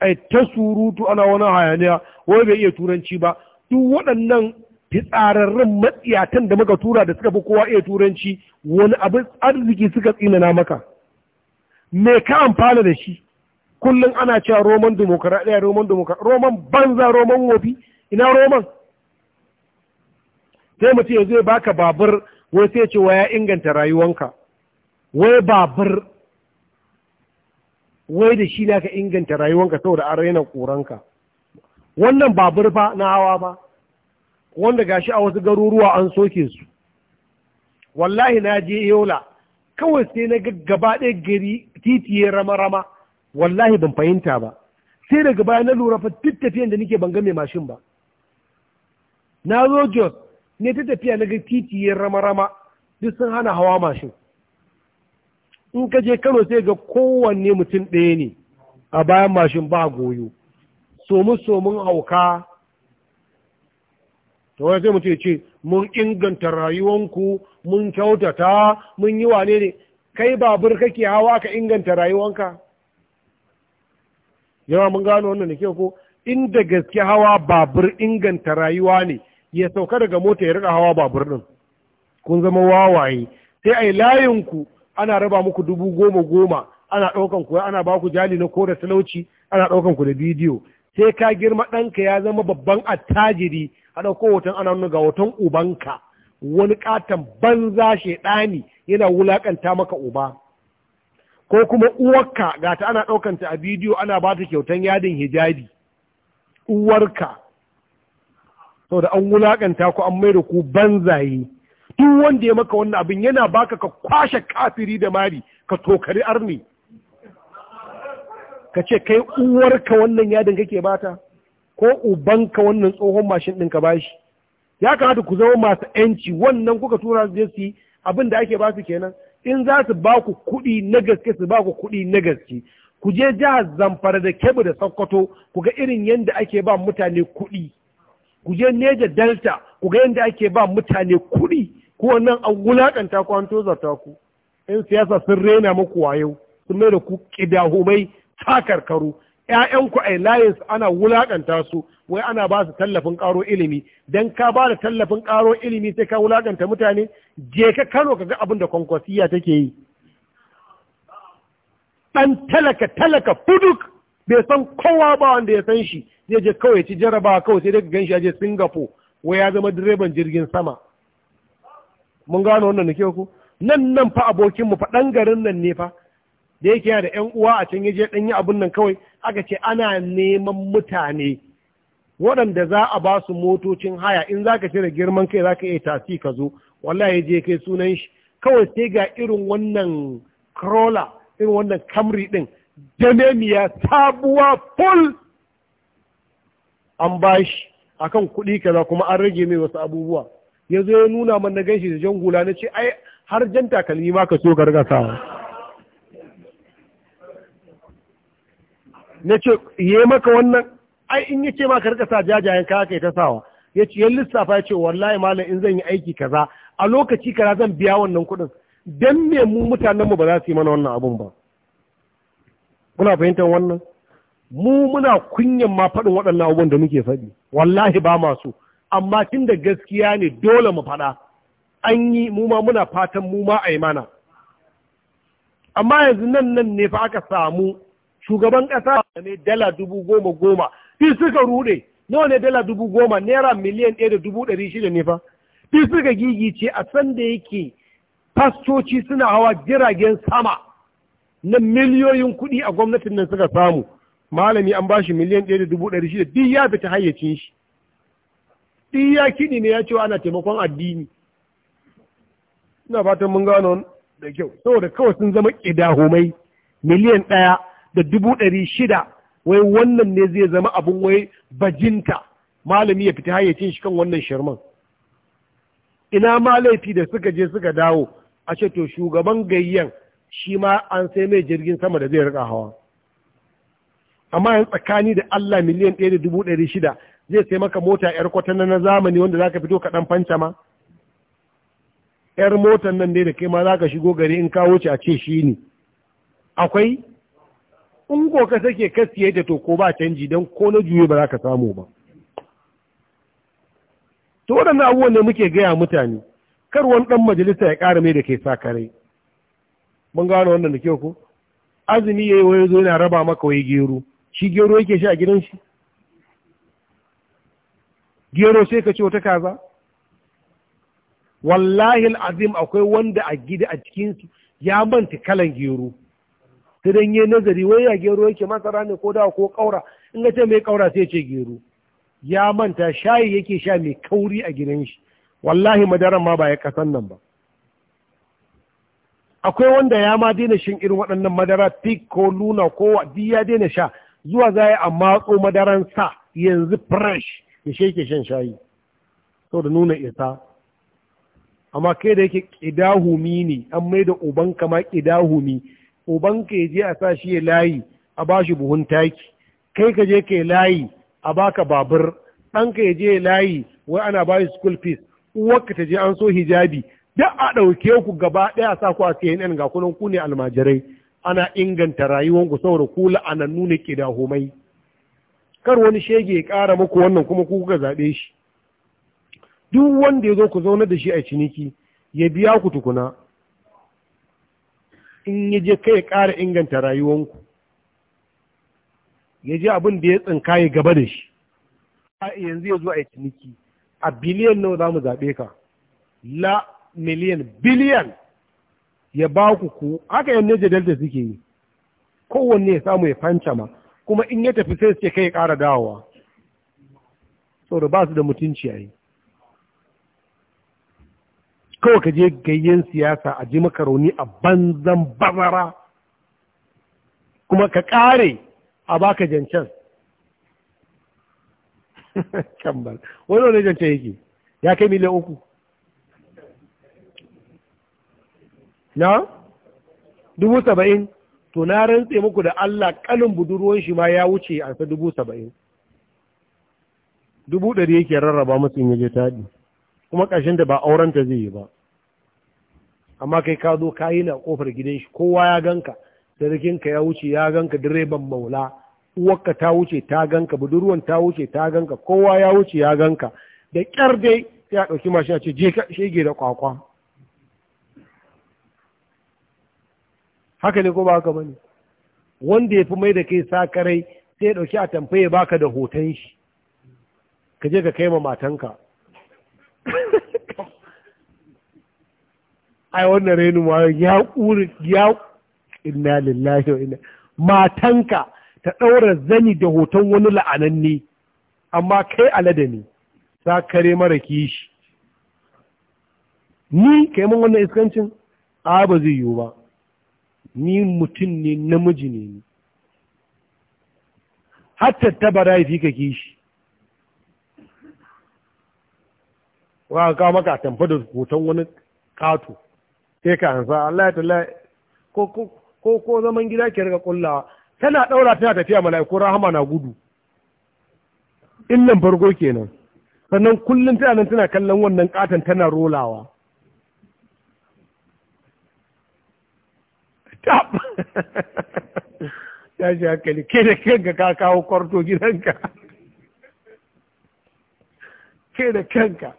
ai ta surutu ana wani hayaniya wai bai iya turanci ba duk waɗannan fitsararren matsiyatan da muka tura da suka fi kowa iya turanci wani abin arziki suka tsinana maka me ka amfana da shi kullum ana cewa roman demokaradiyya roman demokaradiyya roman banza roman wofi ina roman sai mutum ya zai baka babur wai sai ce wa ya inganta rayuwanka wai babur wai da shi ka inganta rayuwanka saboda an raina ƙoranka wannan babur fa na hawa ba wanda gashi a wasu garuruwa an soke su wallahi na je yola kawai sai na gaba ɗaya gari titiye rama-rama wallahi ban fahimta ba sai daga baya na lura fa duk tafiyan da nake ban mai mashin ba na zo jos ne ta tafiya na ga titiye rama-rama duk sun hana hawa mashin in ka je kano sai ga kowanne mutum ɗaya ne a bayan mashin ba goyo somi-somin auka ta wani sai mutum ya ce mun inganta rayuwanku mun kyautata mun yi wane ne kai babur kake hawa ka inganta rayuwanka yawa mun gano wannan da ke ko inda gaske hawa babur inganta rayuwa ne ya sauka daga mota ya riƙa hawa babur ɗin kun zama wawaye sai a layinku ana raba muku dubu goma goma ana ɗaukan ku ana baku jali na kore talauci ana ɗaukan ku da bidiyo sai ka girma ɗanka ya zama babban attajiri a ɗauko hoton ana nuna ga hoton ubanka wani katon banza shaidani yana wulaƙanta maka uba ko kuma uwarka ga ta ana ɗaukanta a bidiyo ana ba ta kyautan yadin hijabi uwarka saboda an wulaƙanta ku an mai da ku banzaye duk wanda ya maka wannan abin yana baka ka kwashe kafiri da mari ka tokari arni ka ce kai uwarka wannan yadin kake bata ko ubanka wannan tsohon mashin ɗinka ba shi ya kamata ku zama masu ‘yanci wannan kuka tura su je su abin da ake basu kenan in za su ba ku kuɗi na gaske su ba ku kuɗi na gaske ku je jihar zamfara da kebbi da sokoto ku ga irin yadda ake ba mutane kuɗi ku je neja delta ku ga yadda ake ba mutane kuɗi ku wannan an wulaƙanta ku an tozarta ku yan siyasa sun rena muku wayo sun mai da ku ƙidahumai takarkaru ‘ya'yanku a layin ana wulaƙanta su wai ana ba su tallafin ƙaro ilimi dan ka ba da tallafin ƙaro ilimi sai ka wulaƙanta mutane je ka kano ka ga abin da kwankwasiya take yi ɗan talaka talaka fuduk bai san kowa ba wanda ya san shi zai je kawai ci jarabawa kawai sai daga gan shi je singapore wai ya zama direban jirgin sama mun gano wannan da ku nan nan fa abokinmu fa ɗan garin nan ne fa da yake yana da ‘yan uwa a can yaje ɗan yi abun nan kawai aka ce ana neman mutane waɗanda za a ba su motocin haya in za ka cire girman kai za ka iya tasi ka zo wallahi je kai sunan shi kawai sai ga irin wannan crawler irin wannan kamri ɗin danemiya sabuwa full an bashi akan kuɗi kaza kuma an rage mai wasu abubuwa ya zo ya nuna man na ganshi da jan hula na ce ai har jan takalmi ma ka so ka riga sawa na ce yi maka wannan ai in yace ma ka riga sa jajayen ka kai ta sawa ya ce yan lissafa ya ce wallahi malam in zan yi aiki kaza a lokaci kaza zan biya wannan kuɗin dan me mu mutanen mu ba za su yi mana wannan abun ba kuna fahimtar wannan mu muna kunyan ma faɗin waɗannan abubuwan da muke faɗi wallahi ba masu amma tun da gaskiya ne dole mu faɗa an yi muma muna fatan muma a yi mana amma yanzu nan nan ne fa aka samu shugaban ƙasa ne dala dubu goma goma fi suka rude nawa ne dala dubu goma naira miliyan ɗaya da dubu ɗari shida ne fa fi suka gigice a san da yake fastoci suna hawa jiragen sama na miliyoyin kuɗi a gwamnatin nan suka samu malami an bashi miliyan ɗaya da dubu ɗari shida duk ya fita hayyacin shi ɗi ya kiɗi ne ya ce ana taimakon addini ina fatan mun gano da kyau saboda kawai sun zama ƙidahumai miliyan ɗaya da dubu ɗari shida wai wannan ne zai zama abin wai bajinta malami ya fita hayyacin shi kan wannan sharman. ina ma laifi da suka je suka dawo a ce to shugaban gayyan shi ma an sai mai jirgin sama da zai rika hawa amma yan tsakani da Allah miliyan ɗaya da dubu ɗari shida zai sai maka mota yar kwatana na zamani wanda zaka fito ka dan fanta ma yar motan nan dai da kai ma zaka shigo gari in ka wuce a ce shi ne akwai in ko ka sake ka siye ta to ko ba canji dan ko na juye ba za ka samu ba to waɗannan abubuwan ne muke gaya mutane kar wani ɗan majalisa ya ƙara mai da ke sa kare mun gano wannan da kyau ko azumi yayi wai zo yana raba maka wai gero shi gero yake shi a gidan shi gero sai ka ce wata kaza wallahi azim akwai wanda a gida a cikinsu ya manta kalan gero ta don yi nazari wai ya gero yake masara ne ko da ko kaura in ga ce mai kaura sai ce gero ya manta shayi yake sha mai kauri a gidan shi wallahi madaran ma ba ya kasan nan ba akwai wanda ya ma daina shin irin waɗannan madara pig ko luna ko wadi ya daina sha zuwa za a matso madaran sa yanzu fresh yashe yake shan shayi saboda nuna isa amma kai da yake ƙidahumi ne an mai da ubanka ma ƙidahumi ubanka ya je a sa shi ya layi a ba shi buhun taki kai ka je ka layi a baka babur ɗanka ya je ya layi wai ana ba shi school fees uwarka ta je an so hijabi duk a ɗauke ku gaba ɗaya a sa ku a CNN ga kunan ku ne almajirai ana inganta rayuwanku saboda ku la'anannu ne ƙidahumai kar wani shege ya ƙara muku wannan kuma ku kuka zaɓe shi duk wanda ya zo ku zauna da shi a ciniki ya biya ku tukuna in ya je kai ya ƙara inganta rayuwanku ya je abin da ya tsinka ya gaba da shi yanzu ya zo a ciniki a biliyan nawa za mu zaɓe ka la miliyan biliyan ya ba ku ku haka yan Niger da suke yi kowanne ya samu ya fanca ma kuma in ya tafi sai su ce kai ya ƙara dawowa saboda ba su da mutunci a yi kawai ka je gayyen siyasa a ji makaroni a banzan bazara kuma ka ƙare a baka jancen kambal wani wani jancen yake ya kai miliyan uku na dubu saba'in to na rantse muku da Allah kalin budurwan shi ma ya wuce a sa dubu saba'in dubu ɗari yake rarraba musu in yaje taɗi kuma ƙarshen da ba aurenta zai yi ba amma kai ka zo ka yi na ƙofar gidan shi kowa ya ganka sarkinka ya wuce ya ganka direban maula uwarka ta wuce ta ganka budurwan ta wuce ta ganka kowa ya wuce ya ganka da ƙyar dai sai a ɗauki mashi a ce je shege da kwakwa haka ne ko ba haka bane wanda ya fi mai da kai sakarai sai ya ɗauki a ya baka da hoton shi ka je ka kai ma matanka ai wannan rainu ma ya ƙuri ya inna lillahi wa inna matanka ta ɗaura zani da hoton wani la'ananne amma kai alada ne sakare mara kishi ni kai mun wannan iskancin a ba zai yiwu ba ni mutum ne namiji ne ni hatta tabara ya fi ka kishi wa ka maka tamfa da hoton wani kato sai ka hansa Allah ya talla ko ko ko zaman gida ke riga kullawa tana daura tana tafiya mala'iku rahama na gudu in nan farko kenan sannan kullum tana nan tana kallon wannan katon tana rolawa tab ya shi hankali ke da kanka ka kawo kwarto gidanka ke da kanka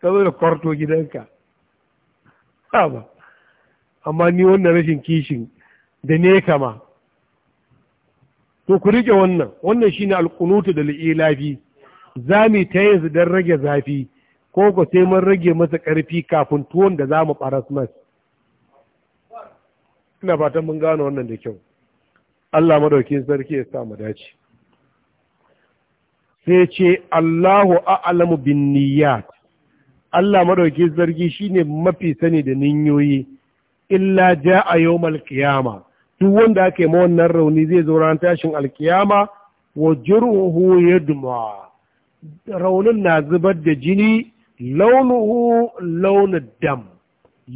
ka zo da kwarto gidanka ba amma ni wannan rashin kishin da ne kama to ku rike wannan wannan shine alqunutu da Za zami ta yanzu dan rage zafi ko ko sai mun rage masa karfi kafin tuwon da zamu faras masa ina fatan mun gano wannan da kyau Allah madaukin sarki ya sa mu dace sai ce Allahu a'lamu bin niyyat Allah madaukin sarki shine mafi sani da ninyoyi illa ja'a yawmal qiyama duk wanda ake ma wannan rauni zai zo ran tashin alkiyama wa ya yadma raunin na zubar da jini launuhu launin dam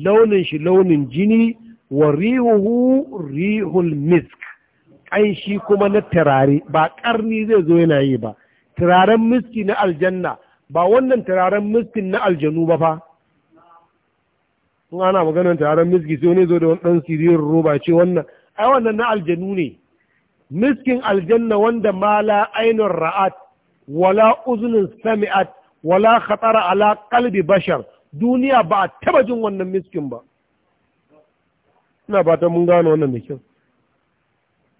launin shi launin jini wa rihuhu rihul misk ƙanshi kuma na turare ba ƙarni zai zo yana yi ba turaren miski na aljanna ba wannan turaren miskin na aljanu ba fa Kuma ana maganar turaren miski sai wani zo da wani ɗan siririn roba ce wannan ai wannan na aljanu ne miskin aljanna wanda mala ainun ra'at wala uzunin sami'at wala khatara ala kalbi bashar duniya ba a taba jin wannan miskin ba ina fatan mun gano wannan da kyau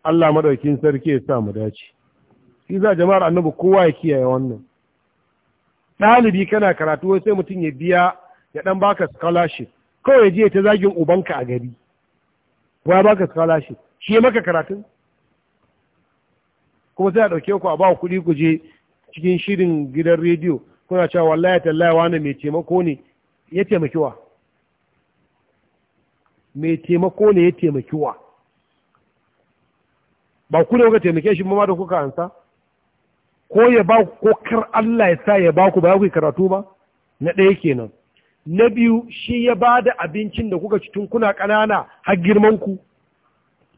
Allah madaukin sarki ya sa mu dace shi za jama'ar annabi kowa ya kiyaye wannan ɗalibi kana karatu wai sai mutum ya biya ya dan baka scholarship kawai je ta zagin ubanka a gari wa baka scholarship shi maka karatun kuma sai a ɗauke ku a ba kuɗi ku je cikin shirin gidan rediyo kuna cewa wallahi tallahi wani mai taimako ne ya taimaki wa mai taimako ne ya taimaki wa ba ku ne kuka taimake shi ma da kuka ansa ko ya ba ku ko kar Allah ya sa ya ba ku ba ku karatu ba na ɗaya kenan na biyu shi ya ba da abincin da kuka ci tun kuna ƙanana har girman ku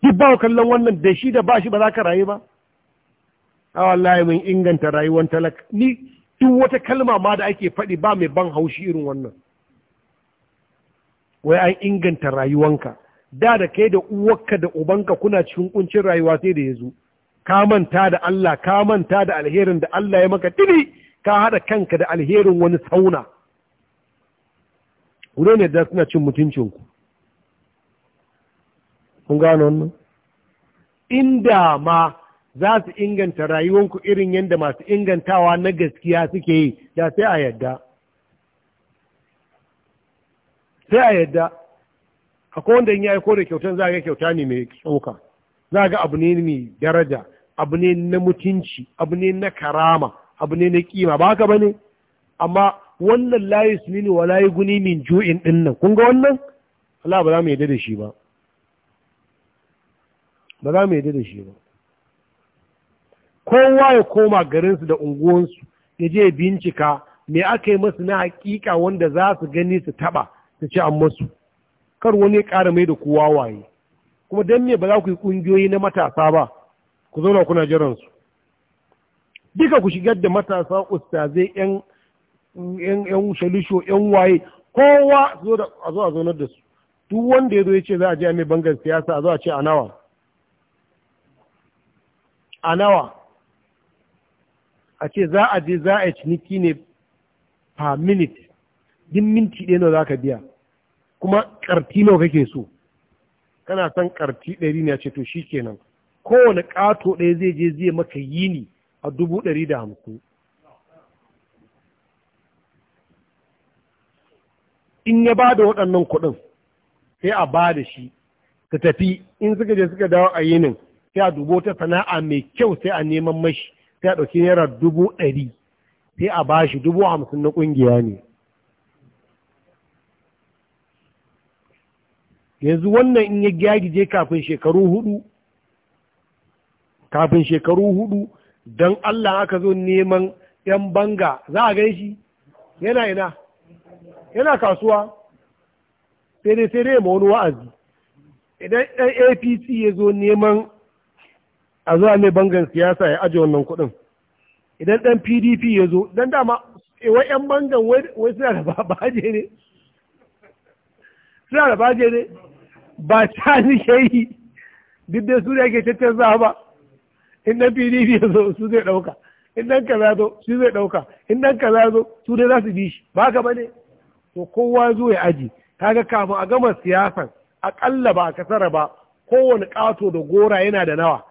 duk ba kallon wannan da shi da ba shi ba za ka rayu ba a wallahi mun inganta rayuwar talaka ni duk wata kalma ma da ake faɗi ba mai ban haushi irin wannan wai an inganta rayuwanka da da kai da uwarka da ubanka kuna cikin kuncin rayuwa sai da ya zo ka manta da Allah ka manta da alherin da Allah ya maka dini ka haɗa kanka da alherin wani sauna wuri ne da suna cin mutuncinku kun gano wannan inda ma za su inganta rayuwanku irin yadda masu ingantawa na gaskiya suke yi da sai a yadda sai a yadda a wanda yin yayi aiko da kyautan za a ga kyauta ne mai tsoka za a ga abu ne mai daraja abu ne na mutunci abu ne na karama abu ne na kima ba haka bane amma wannan layi sunini wa layi guni min ju'in din nan kun ga wannan Allah ba za mu yadda da shi ba ba za mu yadda da shi ba kowa ya koma garinsu da unguwansu ya je bincika me aka yi masu na hakika wanda za su gani su taba ta ce an masu kar wani ya ƙara mai da kowa waye kuma don me ba za ku yi ƙungiyoyi na matasa ba ku zauna kuna jiransu duka ku shigar da matasa ustazai yan yan shalisho yan waye kowa a zo a zaunar da su duk wanda ya zo ya ce za a je a mai bangar siyasa a zo a ce a nawa a nawa a ce za a je za a yi ciniki ne per minute din minti ɗaya nawa za ka biya kuma ƙarti nawa kake so kana son ƙarti ɗari ne a ce to shi kenan kowane ƙato ɗaya zai je zai maka yini a dubu ɗari da hamsin in ya ba da waɗannan kuɗin sai a ba da shi ta tafi in suka je suka dawo a yinin sai a dubo ta sana'a mai kyau sai a neman mashi sai a ɗauki naira dubu ɗari sai a ba shi dubu hamsin na ƙungiya ne yanzu wannan in ya gyagije kafin shekaru hudu kafin shekaru hudu don Allah aka zo neman 'yan banga za a gan shi yana ina yana kasuwa sai dai sai dai ma wani wa'azi idan ɗan apc ya zo neman a zuwa mai bangan siyasa ya aje wannan kuɗin idan ɗan pdp ya zo don dama eh, wai 'yan bangan wai suna da baje ne suna da baje ne ba ta nike yi duk da su da ke cancanza ba in dan pdp ya zo su zai ɗauka in dan kaza zo su zai ɗauka in dan kaza zo su dai za su bi shi ba ka bane to kowa zo ya aji kaga kafin a gama siyasan akalla ba a kasara ba kowane ƙato da gora yana da nawa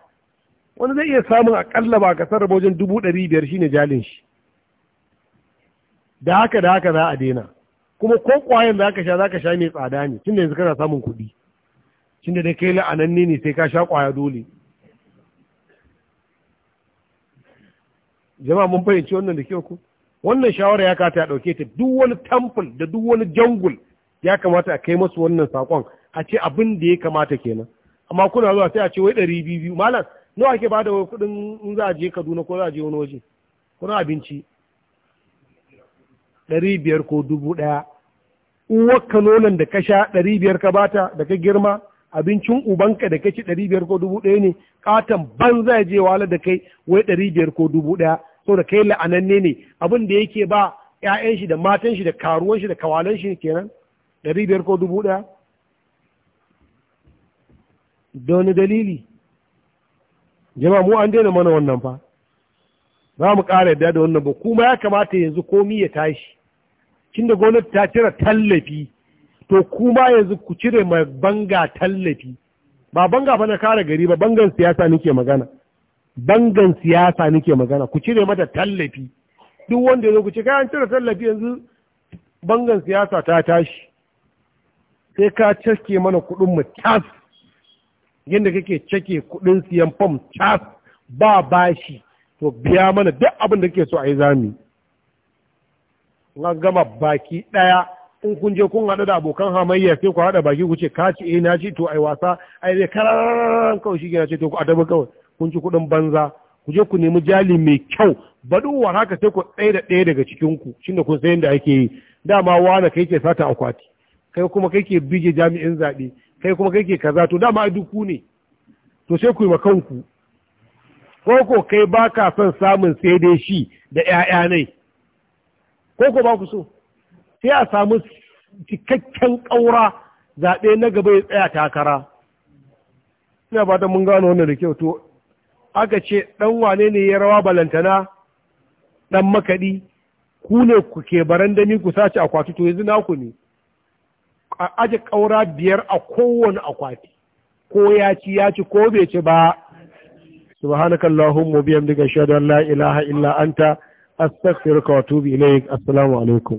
wani zai iya samun akalla ba a kasara ba wajen dubu ɗari biyar shine jalin shi da haka da haka za a daina kuma ko kwayan da aka sha za ka sha mai tsada ne tun da yanzu kana samun kuɗi cin da dai kai la'ananne ne sai ka sha ƙwaya dole jama'a mun fahimci wannan da kyau ku wannan shawara ya kata ya ɗauke ta duk wani temple da duk wani jungle ya kamata a kai masu wannan sakon a ce abin da ya kamata kenan amma kuna zuwa sai a ce wai ɗari biyu biyu malam nawa ake bada wa kuɗin in za a je kaduna ko za a je wani waje kuna abinci ɗari biyar ko dubu ɗaya uwar nonon da ka sha ɗari biyar ka bata da ka girma abincin ubanka da ci ɗari biyar ko dubu ɗaya ne katon zai je wala da kai wai ɗari biyar ko dubu ɗaya saboda kai la'ananne ne abin da yake ba 'ya'yan shi da matan shi da karuwan shi da kawalan shi kenan ɗari biyar ko dubu ɗaya da wani dalili jama mu an daina mana wannan fa ba mu ƙara yadda da wannan ba kuma ya kamata yanzu komi ya tashi cin da gwamnati ta cire tallafi to kuma yanzu ku cire ma banga tallafi ba banga ba na kare gari ba bangan siyasa nake magana bangan siyasa nake magana ku cire mata tallafi duk wanda ya ku ce kai an cire tallafi yanzu bangan siyasa ta tashi sai ka cake mana kuɗin mu tas yadda kake cake kuɗin siyan fam tas ba bashi to biya mana duk abin da kake so a yi zami. Na gama baki ɗaya in kun je kun haɗu da abokan hamayya sai ku haɗa baki ku ce ka ci eh na ci to ai wasa ai zai kararan kawai shi ce to ku dabar kawai kun ci kuɗin banza ku je ku nemi jali mai kyau baduwar haka sai ku ɗaya da ɗaya daga cikin ku ne kun sayan da ake yi dama wani kai ke sata akwati kai kuma kai ke bige jami'in zaɓe kai kuma kai ke kaza to dama ai duku ne to sai ku yi ma kanku ko ko kai baka son samun sai dai shi da ƴaƴa nai ko ko ba ku so sai a samu cikakken ƙaura zaɓe na gaba ya tsaya takara ina fatan mun gano wannan da kyau to aka ce ɗan wane ne ya rawa balantana ɗan makaɗi ku ne ku ke barandami ku sace akwati to yanzu naku ne a aje ƙaura biyar a kowane akwati ko ya ci ya ci ko bai ci ba سبحانك اللهم ashhadu an la لا illa anta astaghfiruka wa واتوب ilaik السلام alaikum